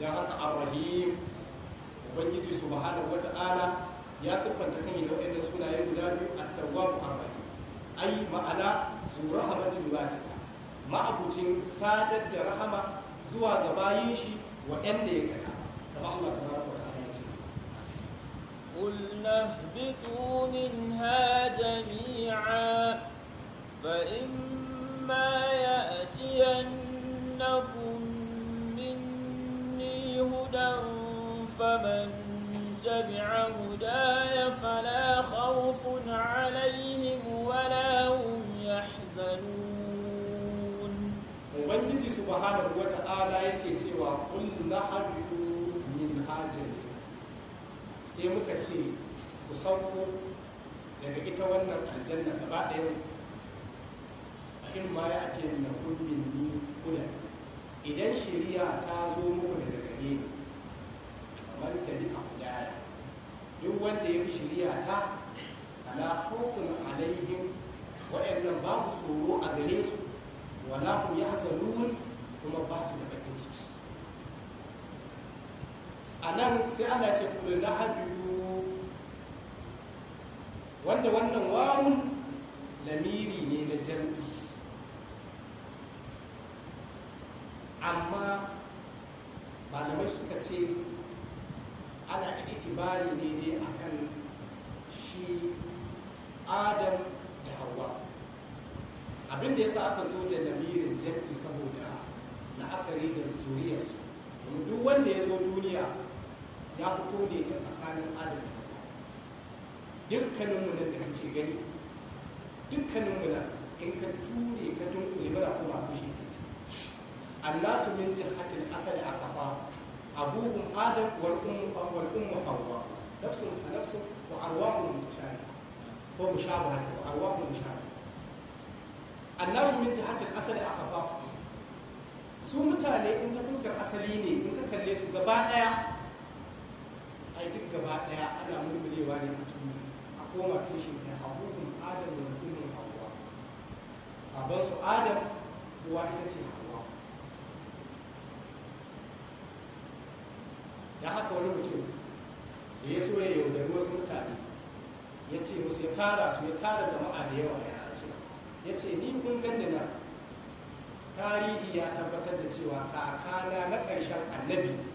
don haka arrahim ubangiji subhanahu wata'ala ya siffanta kai da waɗannan sunaye guda biyu at-tawwabu arrahim ai ma'ana zu rahmatul wasi'a ma'abucin sadar da rahama zuwa ga bayin shi waɗanda ya gada kama Allah tabaraka wa ta'ala ya ce قلنا اهبطوا منها جميعا فإما يأتينكم مني هدى فمن تبع هداي فلا خوف عليهم ولا هم يحزنون ubangiji subhanahu wata'ala yake cewa kun lahabitu min hajin sai muka ce ku sauko daga ita wannan aljanna gaba ɗaya a in ma ya ake na kullum ni kudan idan shari'a ta zo muku wanda ya fi shari'a ta ala hukun alaihim wa'annan babu tsoro a gare su wala hum yahzanun kuma ba su da bakin ciki anan sai Allah ce kullu lahabidu wanda wannan wawun lamiri ne na jam'i amma malamai suka ce ana itibari ne dai kan shi adam da hawa abin da sa aka so da lamirin jam'i saboda la'akari da zuriyarsu domin duk wanda ya zo duniya ya fito ne da tsakanin adam da hawa dukkaninmu nan da kake gani dukkaninmu nan in ka ture ka dunkule mana kuma kushe annasu min jihatil asali aka fa abuhum adam wal ummu wal ummu hawa nafsun fa nafsun wa arwahum mutashabiha ko mushabaha ko arwahum mushabaha asali akhfa su mutane in ta fuskar asali ne in ka kalle su gaba daya ai duk gaba daya ana murmurewa ne a cikin a koma tushen kai abuhum adam wal ummu hawa baban su adam uwa ita ce hawa da haka wani mutum da ya so ya yaudari wasu mutane ya ce musu ya tara su ya tara jama'a da yawa ya ce ya ce ni kun ganda na tarihi ya tabbatar da cewa kakana na karshen annabi ne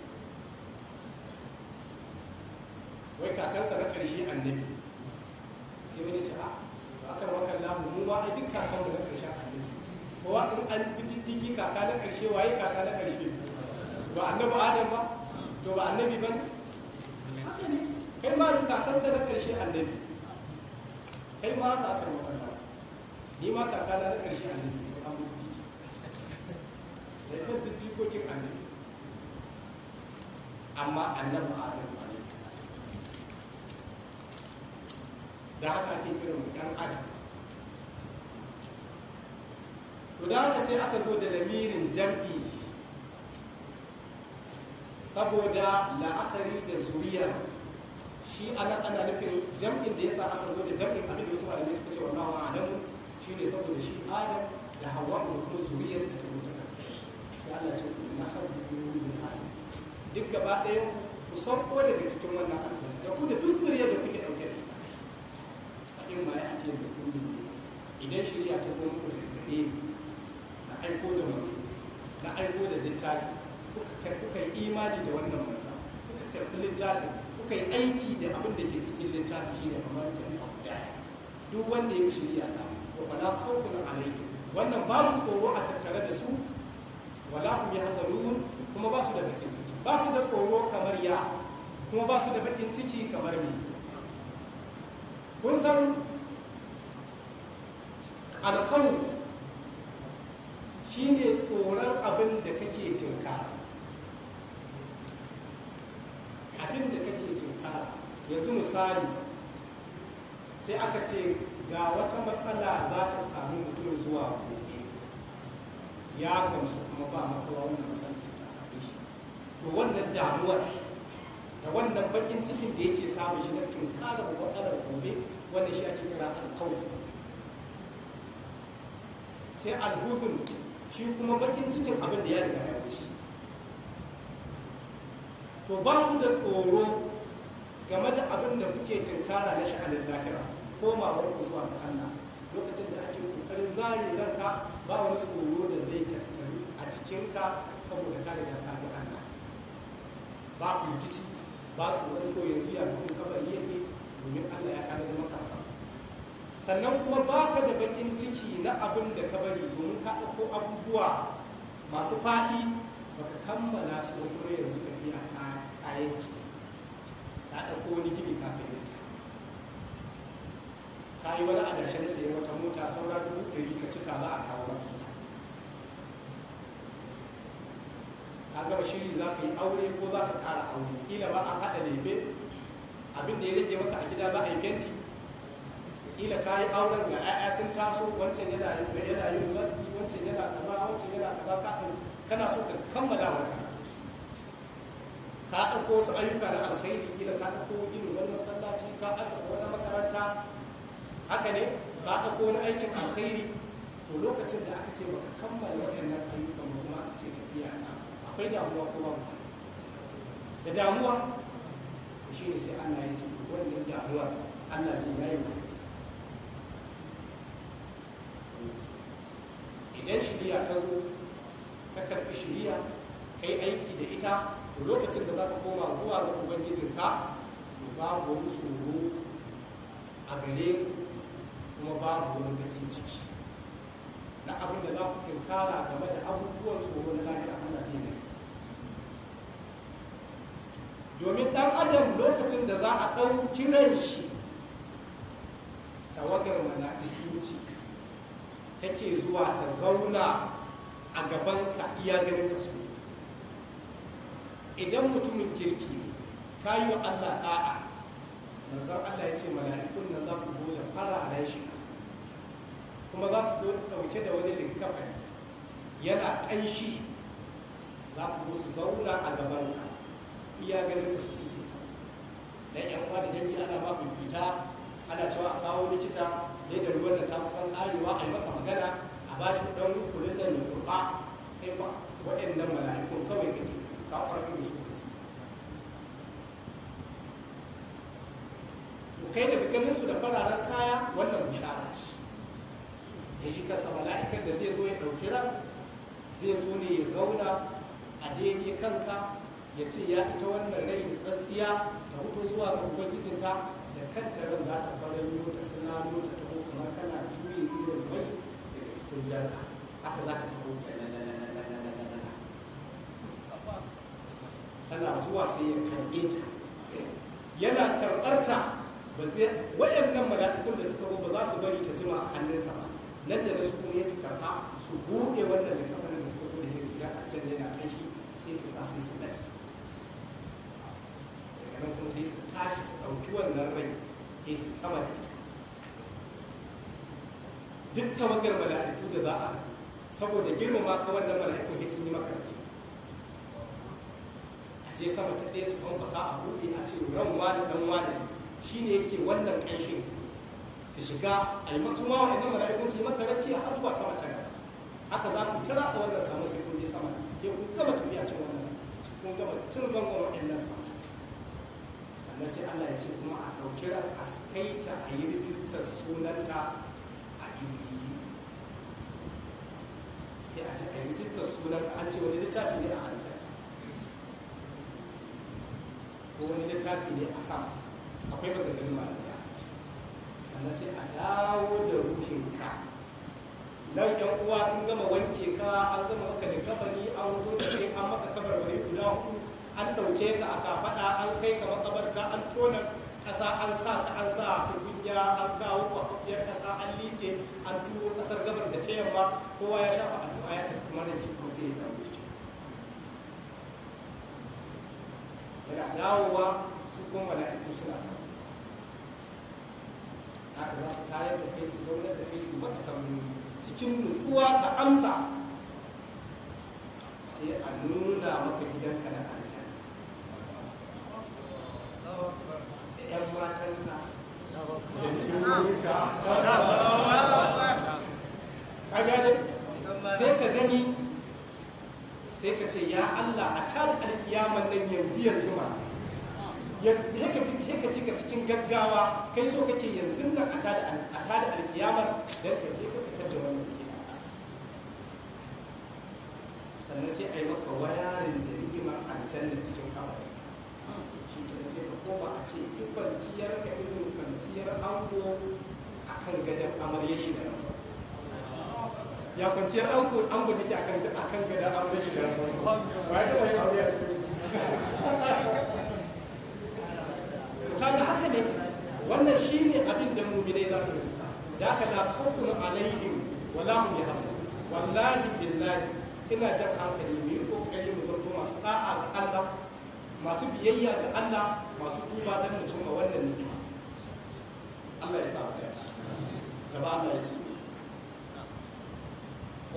wai kakansa na karshe annabi sai wani ce ba ah, akan wakan lamu mu ma ai duk kakan na karshen annabi kowa in an bi diddigi kaka na ƙarshe waye kaka na karshe ba annabi adam ba to ba annabi ba ne kai ma da ta na karshe annabi kai ma haka aka masana ni ma kakana na karshe annabi ne a mutu laifin duk jikokin annabi amma annabi adam ba ne da haka ake kiran dan adam to da haka sai aka zo da lamirin jam'i saboda la'akari da zuriya shi ana ana nufin jam'in da yasa aka zo da jam'in abin da wasu ne suka ce wa wallahu shi ne saboda shi adam da hawa da kuma zuriyar da ta mutu a sai Allah ce ku na kuma yin adam duk gaba ɗaya ku ko daga cikin wannan aljanna da ku da duk zuriyar da kuke ɗauke da ita a in ma ya ake da kullum idan shirya ta zama muku daga gare ni na aiko da manzo na aiko da littafi kuka yi imani da wannan manzan kuka karɓi littafin kuka yi aiki da abin da ke cikin littafi ne kamar da hudaya duk wanda ya bi shari'a ta wa fala khawfun alaiki. wannan babu tsoro a tattare da su wala hum yahzanun kuma ba su da bakin ciki ba su da tsoro kamar ya kuma ba su da bakin ciki kamar me kun san alkhawf shine tsoron abin da kake tunkara abin da kake tunkara yanzu misali sai aka ce ga wata matsala za ta samu mutum zuwa gobe ya gamsu kuma ba makawa wannan matsala sai ta same shi to wannan damuwar da wannan bakin cikin da yake samun shi na tunkara matsalar gobe wannan shi ake kira alkawfi sai alhuzun shi kuma bakin cikin abin da ya riga ya wuce to ba ku da tsoro game da abin da kuke tunkara na sha'anin ko komawar ku zuwa ga Allah lokacin da ake kokarin zare ranka ba wani tsoro da zai tattaru a cikinka saboda ka riga ka ga Allah ba ku rikici ba su wani to yanzu ya kuma kabari yake domin Allah ya kare da maka sannan kuma ba ka da bakin ciki na abin da ka bari domin ka ɗauko abubuwa masu faɗi baka kammala su wani yanzu tafiya kayan ki ta ɗauko wani gini kafin ta ta yi wani adashe na sayan wata mota saura dubu ɗari ka cika ba a kawo maki ka gama shiri za ka yi aure ko za ka ƙara aure ƙila ba a haɗa lebe abin da ya rage maka a gida ba a yi fenti ƙila ka yi auren ga 'ya'ya sun taso wancan yana yana university wancan yana kaza wancan yana kaza ka kana so ka kammala wa karatu ka ɗauko wasu ayyuka na alkhairi gida ka ɗauko ginin wani masallaci ka asasa wata makaranta haka ne ka ɗauko wani aikin alkhairi to lokacin da aka ce maka kammala waɗannan ayyuka ba kuma aka ce tafiya ta akwai damuwa ko babu da damuwa shi ne sai Allah ya ce wannan damuwar Allah zai yaye ita idan shiriya ta zo ka karɓi shiriya kai aiki da ita lokacin da za ka koma zuwa ga ubangijinka ba babu wani tsoro a gare kuma babu wani bakin ciki na abin da za ku tunkara game da abubuwan tsoro na lafiyar Allah hannun ne domin ɗan adam lokacin da za a ɗauki ran shi tawagar mala'iku take zuwa ta zauna a gabanka iya ganin ka idan mutumin kirki ne ka yi wa Allah da'a manzan Allah ya ce mala'ikun nan za su zo da fararen shi kuma za su zo dauke da wani linkafa yana ƙanshi za su zo su zauna a gaban ka iya ganin ka su suke ta dan yan uwa da dangi ana ba fita ana cewa a kawo likita ne da ruwan da ta kusan karewa a yi masa magana a bashi dan kulun da ya kurba kai ba waɗannan mala'ikun kawai kake ka ƙwarfi kai daga ganin su da fararen kaya wannan bishara ce ya shi kansa mala'ikan da zai zo ya ɗauki ran zai zo ne ya zauna a daidai kanka ya ce ya ita wannan rai da tsatsiya da fito zuwa ga ta da kanta ran za ta fara yi ta sinano ta taho kamar kana juye irin mai daga cikin jarka haka za ta faro tana zuwa sai ya karɓe ta yana karɓarta ba sai wayannan mala'ikun da suka ba za su bari ta jima a hannunsa ba nan da su kuma su karɓa su buɗe wannan da kafin da suka zo da yin riga a can yana kashi sai su sa sai su ɗaki daga nan kuma sai su tashi su ɗauki wannan rai sai su sama da ita duk tawagar mala'iku da za a saboda girmama ka wannan mala'iku sai sun yi maka je sama ta ɗaya su kwankwasa a buɗe a ce ran wani ɗan wani shi ne yake wannan ƙanshin su shiga a yi masu mawa ɗan mala'ikun su yi maka rakiya har zuwa sama ta gaba haka za ku tara a wannan samun sai kun je sama ke kun gama tafiya cin wannan kun gama cin zangon waɗannan samun sannan sai Allah ya ce kuma a ɗauki ran a kai ta a yi rijistar sunanta a ilimi sai a ce a yi rijistar sunanta an ce wani littafi ne a hannu ko wani littafi ne a sama akwai maganganun malamiya sannan sai a dawo da ruhinka nan yan uwa sun gama wanke ka an gama maka da kafani an goce an maka kabar wani guda hudu an dauke ka a kafaɗa an kai ka makabarta an tona kasa an sa ka an sa tukunya an kawo kwakwafiyar ƙasa an liƙe an turo ƙasar gabar da ta yamma kowa ya shafa addu'a ya tafi mana ke kuma sai ya dawo yana dawowa su kuma mala'iku suna sama haka za su tayar da kai su zaunar da kai su maka cikin nutsuwa ka amsa sai a nuna maka gidanka na aljanna da yan matanka da ka a gani sai ka gani sai ka ce ya Allah a tada alkiyamar nan yanzu yanzu ma ya ka cikin gaggawa kai so kake yanzu nan a da alkiyamar don ka je ka fitar da wannan ni'ima sannan sai a yi maka wayarin da ni'imar aljanna cikin kabari shi ke sai ka koma a ce in kwanciyar ka irin kwanciyar ango a kan gadon amarya shi da rafa ya kwanciyar an ango take akan akan gada aure shi da ranar ba ya taɓa yin aure a cikin <laughs> kaga haka ne wannan shine abin da mu'minai za su riska da ka da khawfun alaihim wala hum yahzanun wallahi billahi ina jan hankali mu yi kokari mu zanto masu da'a ga Allah masu biyayya ga Allah masu tuba don mu cimma wannan ni'ima Allah ya sa mu dace gaba Allah ya ce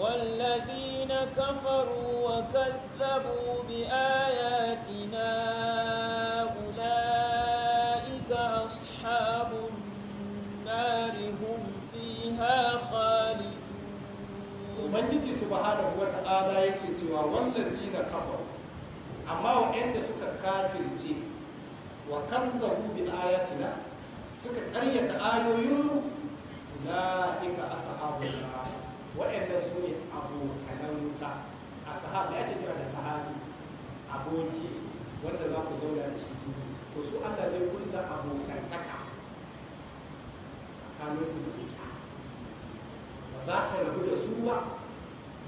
والذين كفروا وكذبوا بآياتنا أولئك أصحاب النار هم فيها خالدون Ubangiji subhanahu wa ta'ala yake cewa wallazi na kafar, amma waɗanda suka kafirce wa kazzabu bi suka ƙaryata ayoyinmu la ika ashabun nar waɗannan su ne abokanan wuta a sahabi ya ce kira da sahabi aboki wanda za ku zauna da shi to su Allah zai kulla abokantaka tsakanin su da ita ba za ka rabu da su ba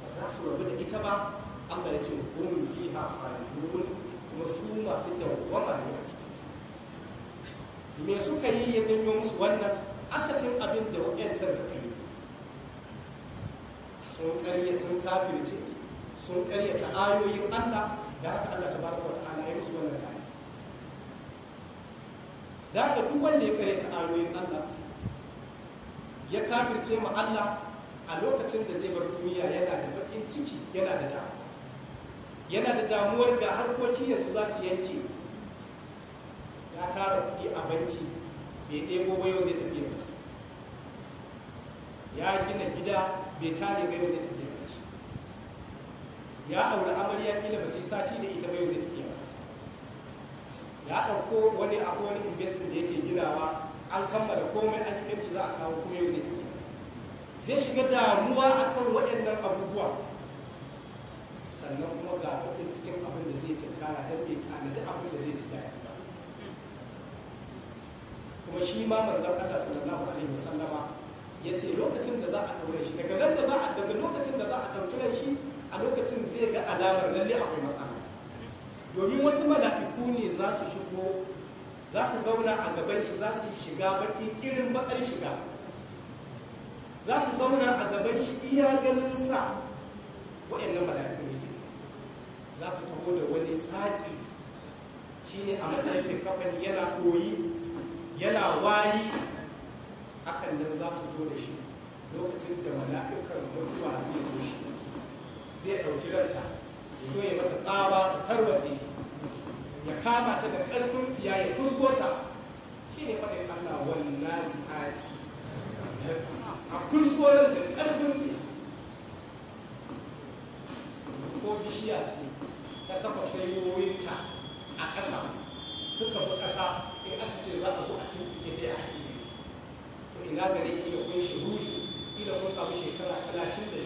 ba za su rabu da ita ba Allah ya ce kun biha khalidun kuma su masu dawwama ne a ciki me suka yi ya janyo musu wannan akasin abin da waɗancan suka yi sun karya sun kafirce sun karya ta ayoyin Allah da haka Allah tabaraka wa ta'ala ya musu wannan tare da haka duk wanda ya karya ta ayoyin Allah ya kafirce ma Allah a lokacin da zai bar duniya yana da bakin ciki yana da damuwa yana da damuwar ga harkoki yanzu za su yanke ya tara kuɗi a banki bai ɗebo ba yau zai tafiya da su ya gina gida bai tare ga yau sai tafiya ba shi ya aure amarya kila ba sai sati da ita ba yau zai tafiya ba ya ɗauko wani abu wani investor da yake ginawa an kammala komai an fenti za a kawo kuma yau zai tafiya zai shiga a kan waɗannan abubuwa sannan kuma ga kuɗin cikin abin da zai tattara don bai tanadi abin da zai ji daɗi kuma shi ma manzon Allah sallallahu alaihi wasallama ya ce lokacin da za a ɗaure shi daga nan da za a daga lokacin da za a ɗauki ran shi a lokacin zai ga alamar lalle akwai matsala domin wasu mala'iku ne za su shigo za su zauna a gaban shi za su shiga baki kirin bakar shiga za su zauna a gaban shi iya ganin sa wa'annan mala'iku ne za su taho da wani saƙi shine a matsayin da kafan yana ɗoyi yana wari hakan nan za su zo da shi lokacin da mala'ikar mutuwa zai zo shi zai ɗauki ranta ya zo ya mata tsaba tarwatse ya kama ta da ƙarfin siya ya kuskota shi ne faɗin allah wannan zi'ati a kuskoyar da ƙarfin tsiya ko bishiya ce ta kafa sayoyinta a ƙasa suka bi ƙasa in aka ce za a so a tumɓuke ta ya ake ina gare kila kun shiruri kila kun samu shekara talatin da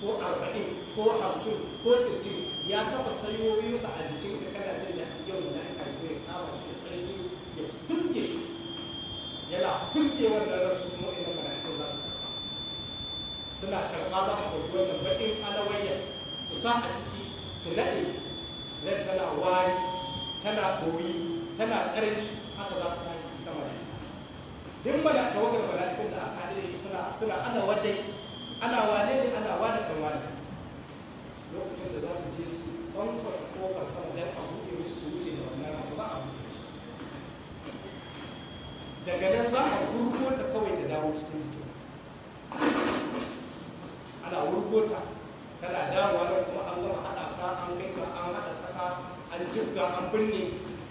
ko arba'in ko hamsin ko sittin ya kafa sayoyinsa a jikinka kana jin da yau da aka zo ya kama shi da ƙarfi ya fuske yana fuske wannan rasu kuma ina mala'iku za su karɓa suna karɓa za su ɗauki wannan baƙin alawayyar su sa a ciki su naɗe nan tana wari tana ɓoyi tana ƙarni haka za ta duk mala tawagar mala'ikun da aka da yake suna suna ana wadai ana wane ne ana wane kan wane lokacin da za su je su kwankwasa kofar sama dan a buɗe musu su wuce da wannan abu ba a buɗe su daga nan za a gurgo ta kawai ta dawo cikin jikin ana wurgo ta tana dawowa nan kuma an gama haɗa ka an gaika an haɗa ƙasa an jibga an binne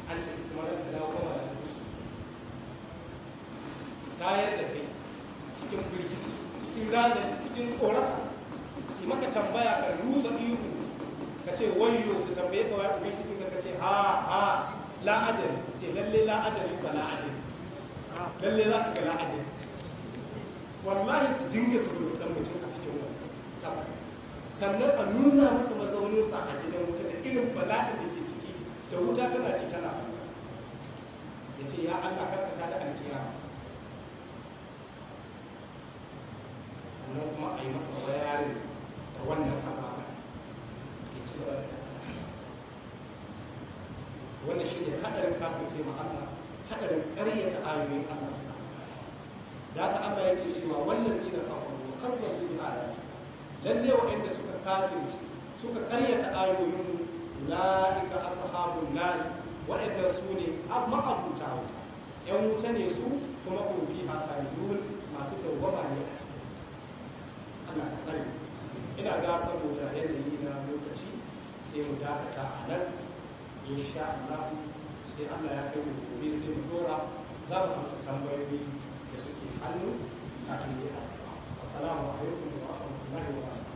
an tafi kuma nan ta dawo kuma tayar da kai cikin birgici cikin ranar cikin tsorata sai maka tambaya ka rusa ihu ka ce wayo su tambaye ka wani ubangijin ka ce ha, ha, la'adari ce lalle la'adari ba la'adari lalle za ka ga la'adari wallahi su dinga su gudu dan mutum a cikin wani kaba sannan a nuna musu mazauninsa a gidan wuta da irin bala'in da ke ciki da wuta tana ci tana ya ce ya allah karkata da alkiyama sannan kuma a yi masa bayanin da wannan azaba ke ci gaba da ta'ala wannan shi ne haɗarin ce ma Allah haɗarin ta ayoyin Allah su da aka Allah yake cewa wannan zina kafin wa kazzabu bi ayati lalle waɗanda suka kafirce suka ta ayoyin ulaika ashabun nar waɗanda su ne amma abuta wuta ƴan wuta ne su kuma kun yi khalidun masu dawwama ne a cikin Ana tsare ina ga saboda yanayi na lokaci sai mu dakata a nan sha Allah sai Allah ya kai mu gobe sai mu dora za mu amsa tambayoyi da suke hannu kafin yi addu'a assalamu alaikum wa rahmatullahi wa barakatuh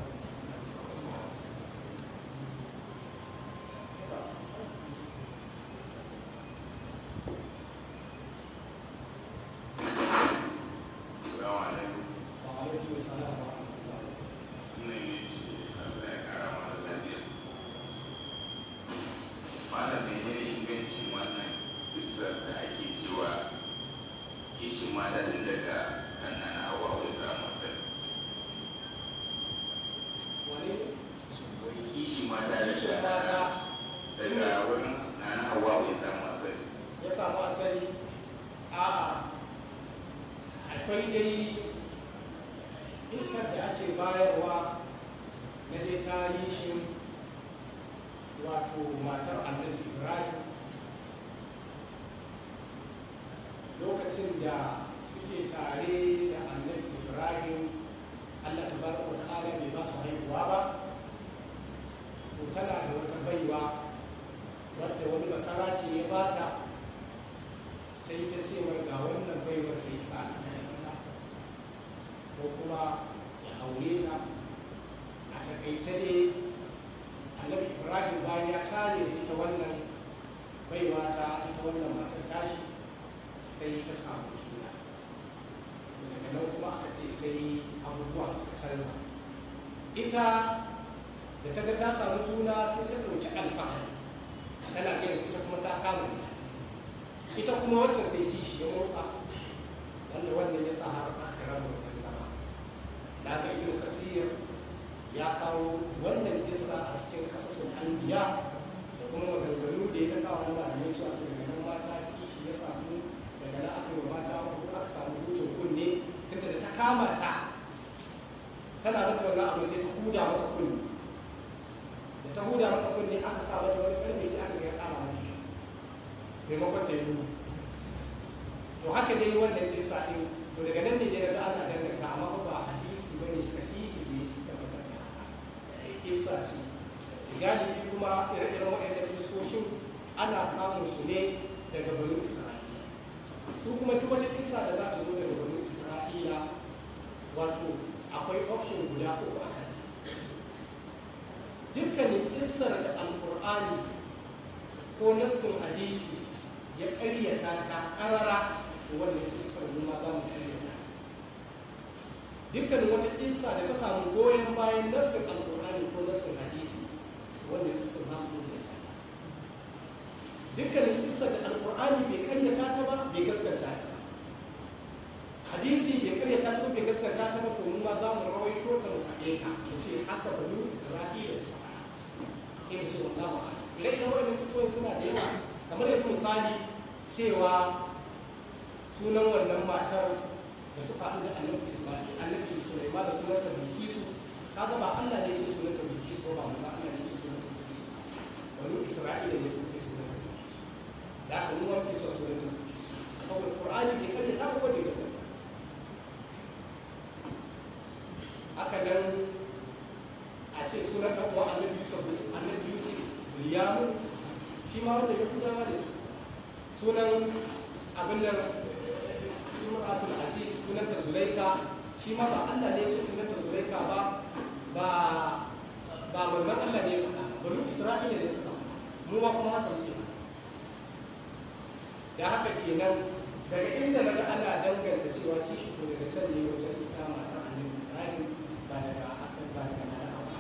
maimakon ta yi nuna to haka dai wannan kissa din to daga nan ne daga ana danganta amma ba hadisi bane sahihi da ya ci da haka eh, kissa ce galibi kuma ire-iren waɗannan kissoshin ana samun su ne daga bani isra'ila su kuma duk wata kissa da za ta zo daga bani isra'ila wato akwai option guda uku a kan dukkanin kissar da alkur'ani ko nassin hadisi ya karyata ta karara da wannan kissar mu ma za mu karyata ta dukkanin wata kissa da ta samu goyon bayan nasir alkur'ani ko nasir hadisi wanda kissa za mu yi dukkanin kissa da alkur'ani bai karyata ta ba bai gaskata ta ba hadisi bai karyata ta ba bai gaskata ta ba to mu ma za mu rawaito ta mu kaɗe ta mu ce haka banu isra'ila su faɗa Ina ce wallahu a'lam ire-iren wa'annan kisoyi suna da yawa kamar yanzu misali cewa sunan wannan matar da su faɗi da annabi ismail annabi sulaiman da sunan ta bilkisu kaga ba Allah ne ce sunan ta bilkisu ba ba manzo Allah ne ce sunan ta bilkisu wani isra'ila ne suka ce sunan ta bilkisu da aka nuna muke cewa sunan ta bilkisu saboda qur'ani bai kare ta kuma bai gaskata haka nan a ce sunan ɗan uwa annabi yusuf annabi yusuf liyamu shi ma wanda yahudawa da sunan abin nan eh, jima'atul aziz sunanta sulaika shi ma ba allah ne ce sunanta sulaika ba ba ba manzan allah ne ba bari isra'ila ne suka mu ba kuma haka muke da haka kenan daga inda na ga ana danganta cewa kishi to daga can ne wajen ita mata annabi ibrahim ba daga asali ba daga nan ba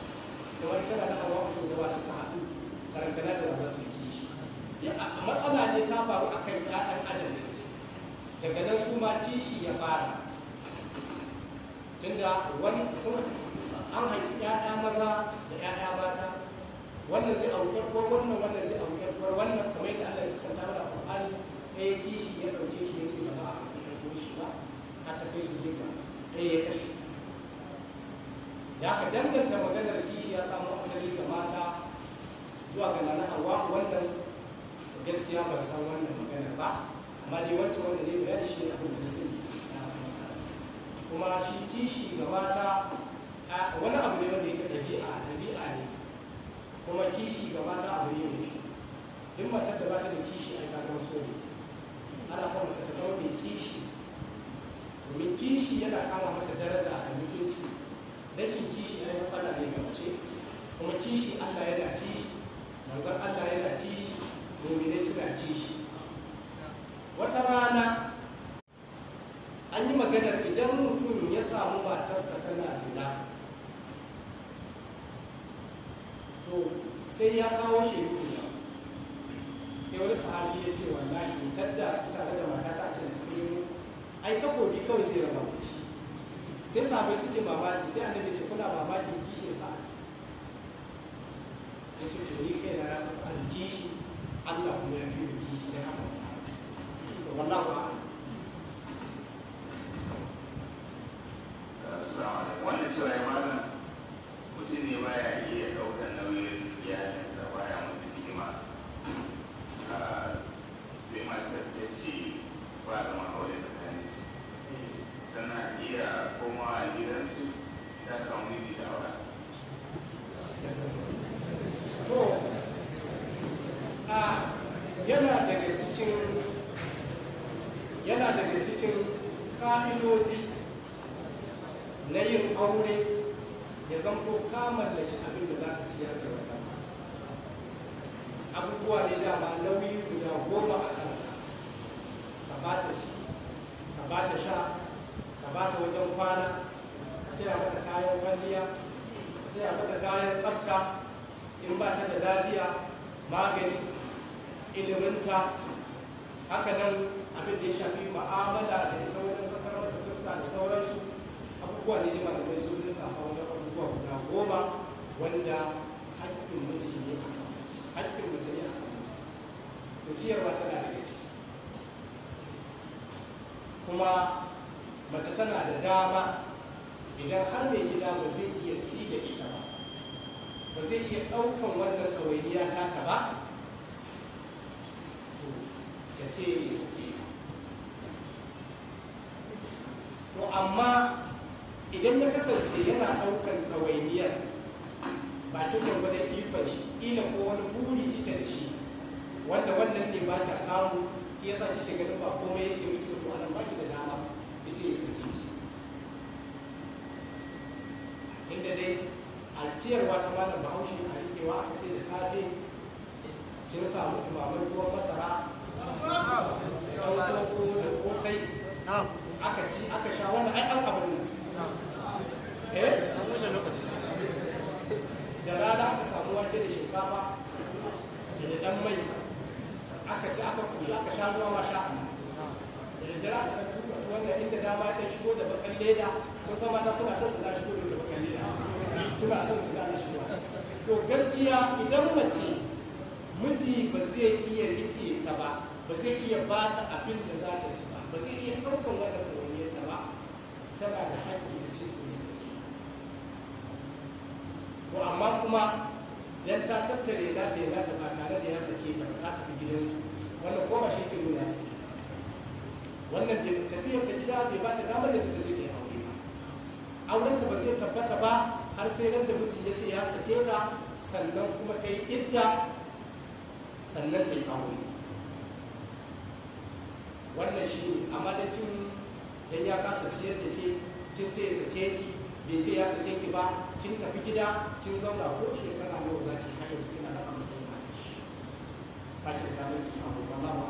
kamar tana da hawa to da wasu ka haɗu karantana da wasu su yi matsala ne ta faru a kan ɗan adam daga nan su ma kishi ya fara tunda wani sun an haifi 'ya'ya maza da 'ya'ya mata wannan zai abu ƴar wannan wannan zai abu ƴar wannan kamar yadda Allah ya kasanta mana Qur'ani ɗaya kishi ya ɗauke shi ya ce ba za a haifi shi ba a tafi su gida ɗaya ya kashe da aka danganta maganar kishi ya samu asali ga mata zuwa ga nana hawa wannan gaskiya ban san wannan magana ba amma dai wacce wanda ne bayani shi ne abin da sani kuma shi kishi ga mata wani abu ne wanda yake ɗabi'a ɗabi'a ne kuma kishi ga mata abu ne mai duk matar da bata da kishi a ta so ne ana son mace ta zama mai kishi domin kishi yana kama mata daraja da mutunci rashin kishi ya yi matsala ne ga mace kuma kishi allah yana kishi manzan allah yana kishi ne suna ci shi wata rana an yi maganar idan mutum ya samu matarsa tana zina. to sai ya kawo shaidu guda sai wani sahabi ya ce wallahi to tadda su tare da matata ce da tabbiyar ai kogi kawai zai raba ku sai sahabai suke mamaki sai annabi ce kuna mamakin kishin sa ya ce to ni kai na rabu sa'ad kishi Allah kuma ya fi kishi da haka wallahu a'lam assalamu alaikum cewa ya malam mutum ne baya iya ɗaukar nauyin iyalinsa baya musu a sai matar ta ce ba zama aure tsakanin su tana iya komawa gidansu ta samu miji shawara a yana daga cikin yana ka'idoji na yin aure ya kamar ka mallaki abin da za ka ciyar da wata abubuwa ne dama nauyi guda goma a kan ka ba ta ci ka ba ta sha ka ba ta wajen kwana ka saya mata kayan kwalliya ka saya mata kayan tsafta in ba ta da lafiya magani iliminta haka nan abin da ya shafi ma'amala da ita wajen sakar wata fuska da sauransu abubuwa ne ma da su lissafa wajen abubuwa guda goma wanda haƙƙin mace ne a kan mace haƙƙin mace ne a kan mace ciyarwa tana daga ciki kuma mace tana da dama idan har mai gida ba zai iya ci da ita ba ba zai iya ɗaukan wannan ɗawainiya ta ta ba ka ce ne suke to amma idan ya kasance yana ɗaukar ɗawainiyar bakin gwargwadon ikon shi ƙila ko wani buri kike da shi wanda wannan ne ba ta samu shi yasa kike ganin ba komai yake miki mutu a nan ba ki da dama ki ce ya sake shi. inda dai alciyarwa ta malam bahaushe a rikewa aka ce da safe kin samu imaman tuwon masara ɗauko da kosai aka ci aka sha wanda ai an abin nan eh an wuce lokaci da rana aka samu wake da shinkafa da dan mai aka ci aka kushi aka sha ruwa ma sha da daddare aka ɗan tuka tuwon inda dama ya shigo da bakan leda kusan mata suna son su za shigo da bakan leda suna son su gane shigo to gaskiya idan mace miji ba zai iya rike ta ba ba zai iya ba ta abin da za ta ci ba ba zai iya ɗaukar wannan ɗawainiyar ta ba tana da haƙƙi ta ce to ya sake ko amma kuma dan ta tattare na ta yana ta ba tare da ya sake ta ba ta tafi gidansu wannan ko ba shi ke nuna sake ta wannan bai tafiyar ta gida bai ba ta damar da ta je ta yi aure ba auren ta ba zai tabbata ba har sai nan da miji ya ce ya sake ta sannan kuma ta yi idda sannan ta yi aure wannan shi ne amma da kin dan ya kasa ciyar da ke kin ce ya sake ki bai ce ya sake ki ba kin tafi gida kin zauna ko shekara nawa za ki haɗa su kina da a ba ta shi ba ki da mai ki abu ba ba ba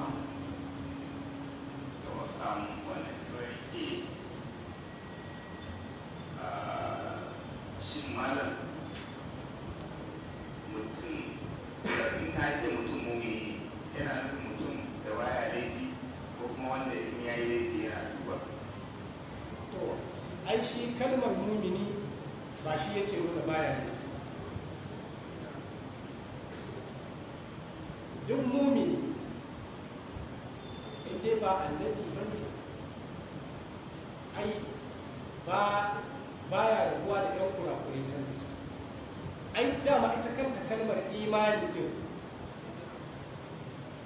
shin malam mutum in ka ce mutum wanda in ya yi ya tuba to ai shi kalmar mumini ba shi yake nuna baya ne duk mumini inda ba annabi ba ne ai ba baya rabuwa da yan kurakurai can ai dama ita kanta kalmar imani din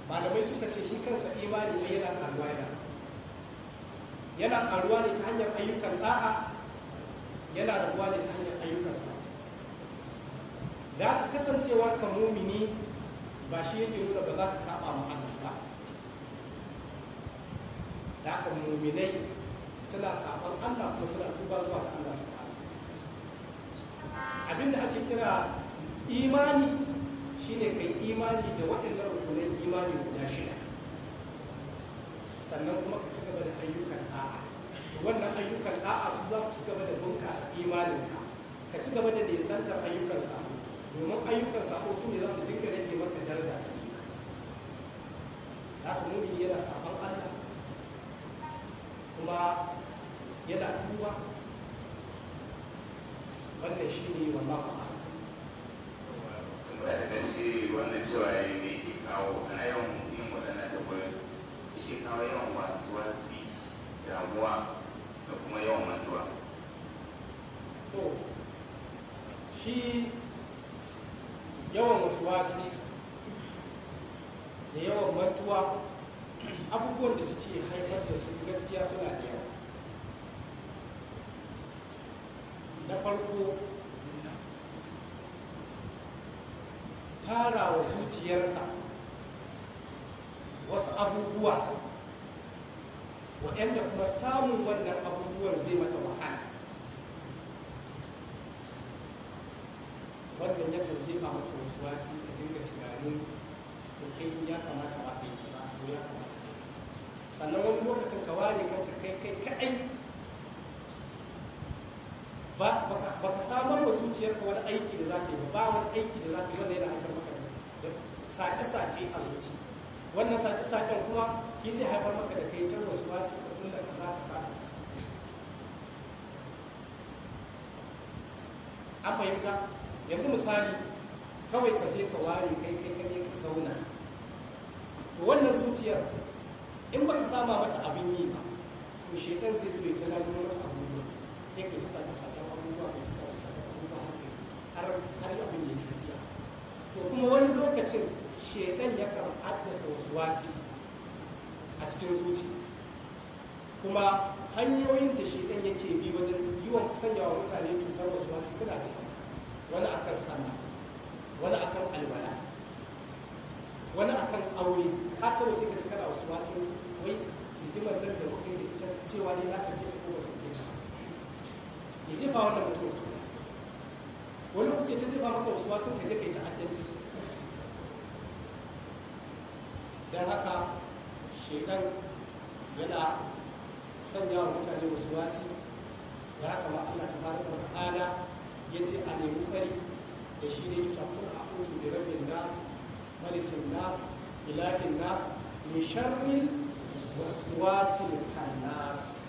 malamai suka ce shi kansa imani mai yana karuwa yana yana karuwa ne ta hanyar ayyukan da'a yana rabuwa ne ta hanyar ayyukan sa da aka kasancewar ka mumini ba shi yake nuna ba za ka saba ma Allah ba da aka muminai suna saban Allah ko suna tuba zuwa ga Allah su abinda ake kira imani shine kai imani da waɗanda rukunan imani guda shida sannan kuma ka ci gaba da ayyukan A'a. wannan ayyukan A'a su za su ci gaba da bunƙasa imaninka ka ci gaba da nisantar ayyukan sabo domin ayyukan sako su ne za su dinga rage maka daraja ta haka mumini yana sabon Allah kuma yana tuba wannan shine wallafa. da shi wannan cewa ya ne ke kawo ana yawan yin waɗannan tabbatar ke kawo yawan wasu wasi damuwa da kuma yawan mantuwa to shi yawan wasu wasi da yawan mantuwa abubuwan da suke haifar da su gaskiya suna da yawa na farko tara wa zuciyarka wasu abubuwa waɗanda kuma samun wannan abubuwan zai mata wahala wannan ya kan jefa mata wasu wasu ka dinga tunanin ko kai ya kamata ba kai ba ko ya kamata sannan wani lokacin ka ware kanka kai kai kaɗai ba ka samar wa zuciyarka wani aiki da za ka yi ba wani aiki da za ka yi wanda yana haifar maka da sake-sake a zuci wannan sake-saken kuma yi ya haifar maka da kai ta wasu wasu ka tunda ka za ka sa sake an fahimta yanzu misali kawai ka je ka ware kai kai kai ka zauna wannan zuciyar in baka sama mata abin yi ba to shekan zai zo ya ta lalurar mata abubuwa, ya kai ta sake ka to kuma wani lokacin ya kan haddasa wasu wasi a cikin zuci kuma hanyoyin da shaidan yake bi wajen yi wa sanya wa mutane cutar wasu wasi suna da wani akan sallah wani akan alwala wani akan aure haka sai ka cikin wasu wasu wai hidimar nan da mutum da ita cewa ne na sake ta ko ba sake ta ya jefa wannan mutum wasu wasi wani kuce ta ba maka wasu wasu ka je kai ta'addanci don haka shaidan yana sanya wa mutane wasu wasu don haka ma Allah ta fara kuma ta'ala ya ce a nemi tsari da shi ne ta kuma a kunsu da rabin nas malikin nas ilahin nas mai sharrin wasu wasu nas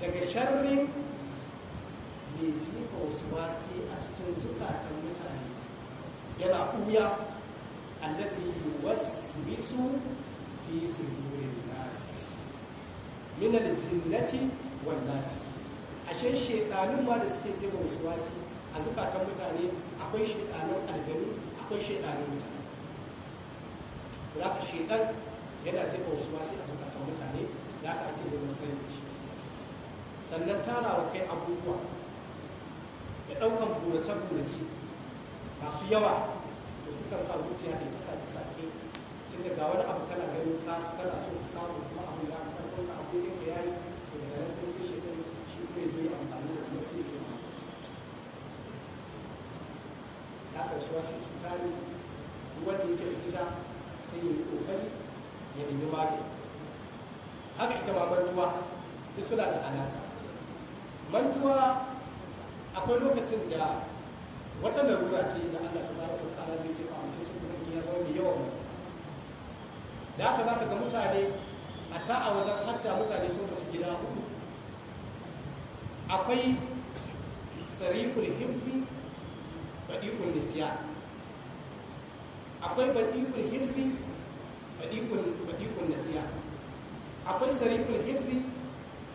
daga sharrin ke jefa wasu wasi a cikin zukatan mutane yana ɓuya allazi yuwaswisu fi su sudurin nas min aljinnati wan nas ashe shedanun ma da suke jefa wasu wasi a zukatan mutane akwai shedanun aljanu akwai shedanun mutane zaka shedan yana jefa wasu wasi a zukatan mutane zaka ake da matsayin shi sannan tarawa kai abubuwa da ɗaukan burace-burace masu yawa da suka sa zuciya da ta sake-sake tun ga wani abu kana gani ka su kana so ka samu kuma abin da an karɓo ka abokin ka yayi da daga nan kuma sai shekaru shi kuma zo yi amfani da kuma sai jima ya karsuwa wasu cuta ne wanda yake da ita sai ya yi ƙoƙari ya nemi magani haka ita ba mantuwa duk suna da alaƙa mantuwa akwai lokacin da wata larura ce da Allah ta baraka wa ta'ala zai jefa mutum sun kuma mutum ya zama mai yawa mai da haka za ka ga mutane ta a wajen hatta mutane sun kasu gida hudu akwai sarikul himsi baɗiƙun nisiya akwai baɗiƙun himsi baɗiƙun nisiya akwai sarikul himsi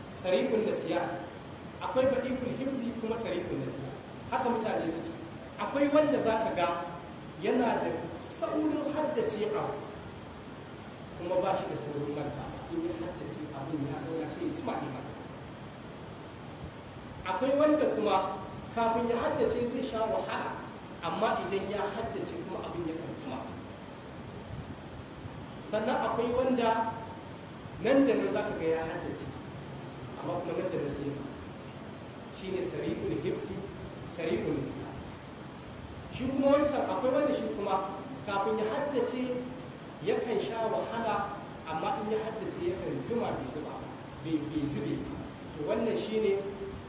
sarikul nisiya akwai kun himsi kuma sarikul nasi haka mutane suke akwai wanda za ka ga yana da saurin haddace abu kuma ba shi da saurin manta in ya haddace abin ya zauna sai ya ji ma manta akwai wanda kuma kafin ya haddace zai sha wahala amma idan ya haddace kuma abin ya kantuma sannan akwai wanda nan da nan za ka ga ya haddace amma kuma nan da nan sai ya shine sariqul hibsi sariqul nisa shi kuma wancan akwai wanda shi kuma kafin ya haddace yakan sha wahala amma in ya haddace yakan jima bai zuba bai zube ba to wannan shine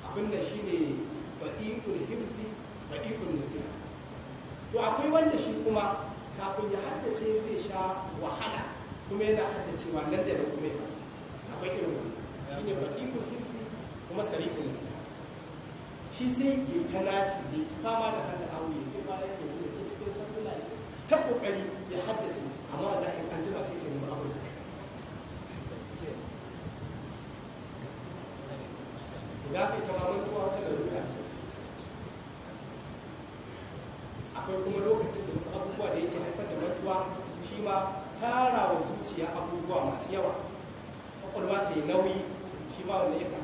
abin da shine badiqul hibsi badiqul lisan to akwai wanda shi kuma kafin ya haddace zai sha wahala kuma yana haddacewa nan da da kuma ya akwai irin wannan shine badiqul hibsi kuma sariqul nisa shi sai ke ta naci ya ki fama da hannun abu ya ke bayan da yi ke cikin lai ta kokari ya haddace amma da in an jima sai ke nemi abu da kasa da ka ita ma mantuwa ta ruwa ce akwai kuma lokacin da wasu abubuwa da yake haifar da mantuwa shi ma tara wa zuciya abubuwa masu yawa kwakwalwa ta yi nauyi shi ma wanda ya kan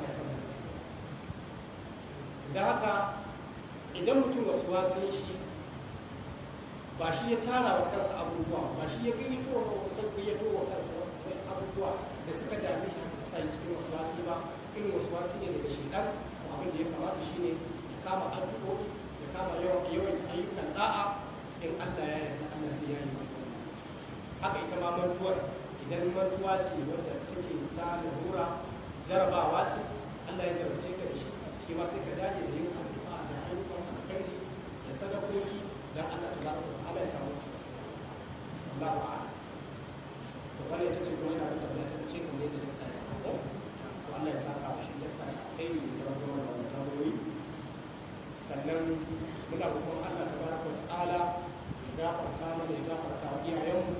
da haka idan mutum wasu wasan shi ba shi ya tara wa kansa abubuwa ba shi ya gayyato wa kansa wasu abubuwa da suka jami a suka sa cikin wasu wasi ba irin wasu wasi ne daga dan abin da ya kamata shine ya kama addu'o'i ya kama yawan ayyukan da'a in Allah ya yarda Allah sai ya yi masa wasu haka ita ma mantuwar idan mantuwa ce wadda take ta larura jarabawa ce Allah ya jarabce ka da shi ke ma sai ka dage da yin addu'a da ayyukan alkhairi da sadakoki dan Allah tabaraka wa ta'ala ya kawo masa Allah wa ala to wani ta ce kuma yana da tabbata ta ce kamar yadda da kai ko Allah ya saka mu shi da kai kai da rabbana wa ta'ala sannan muna roƙon Allah tabaraka wa ta'ala ya gafarta mana ya gafarta wa iyayenmu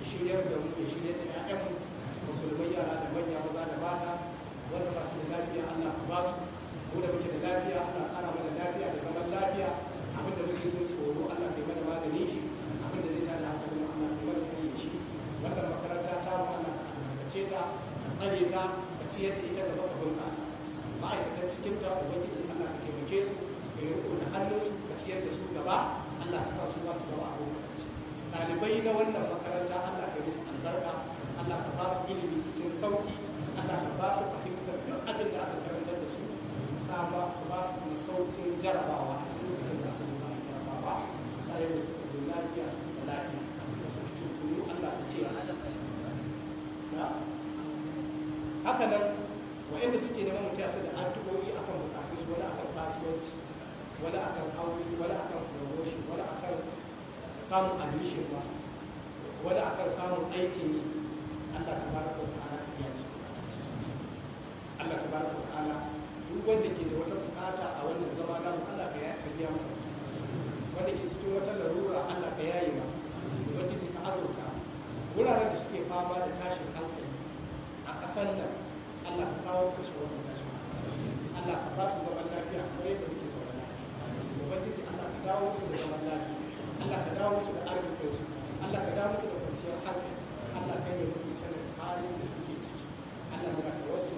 ya shiryar da mu ya shiryar da 'ya'yanmu musulmai yara da manya maza da mata wanda ba su da lafiya Allah ka ba su mu da muke da lafiya Allah kara mana lafiya da zaman lafiya abin da muke jin tsoro Allah kai mana maganin shi abin da zai tada hankalin Allah kai mana sani da shi wannan makaranta ta mu Allah ka albarkace ta ka tsare ta ka ciyar da ita da baka bunƙasa ma'aikatan cikin ta ubangiji Allah ka taimake su ka yi riko da hannunsu ka ciyar da su gaba Allah ka sa su ba su zama a lokaci ɗalibai na wannan makaranta Allah ka yi musu albarka Allah ka ba su ilimi cikin sauki Allah ka ba su fahimtar duk abin da aka karanta saba ku ba su kuma sauƙin jarabawa a mutum da aka zo za a jarabawa ka sa yau da zo lafiya su fita lafiya da su fi tuntunu Allah ka kiyaye haka nan wa'anda suke neman mutum su da a akan bukatun su wani akan kasuwanci wani akan aure wani akan promotion wani akan samun admission ba wani akan samun aikin yi Allah tabaraka wa ta'ala ya yi su Allah tabaraka wa ta'ala duk wanda ke da wata bukata a wannan zama na Allah ka ya biya masa wanda ke cikin wata larura Allah ka yayi ma ke ka azurta wuraren da suke fama da tashin hankali a ƙasar nan Allah ka kawo ƙarshen wannan tashin Allah ka ba su zaman lafiya kamar yadda muke zaman lafiya ubangiji Allah ka dawo musu da zaman lafiya Allah ka dawo musu da su Allah ka dawo musu da kwanciyar hankali Allah yi da mutum sanin halin da suke ciki Allah ka wasu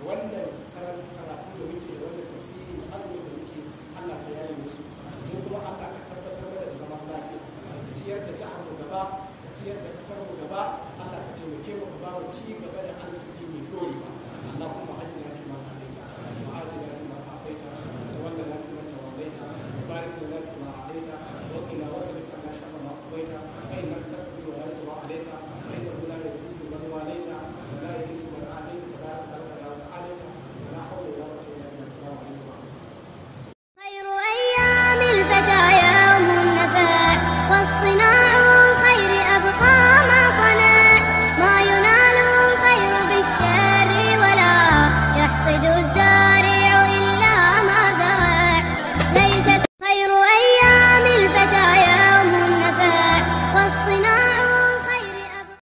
da wannan karatu da muke da wannan tafsiri da azumin da muke Allah ka yaye musu ko kuma Allah ka tabbatar mana da zaman lafiya ka ciyar da jihar mu gaba ka ciyar da kasar mu gaba Allah ka taimake mu ka ba mu ci gaba da arziki mai dorewa Allahumma hajjina fi ma hadaita wa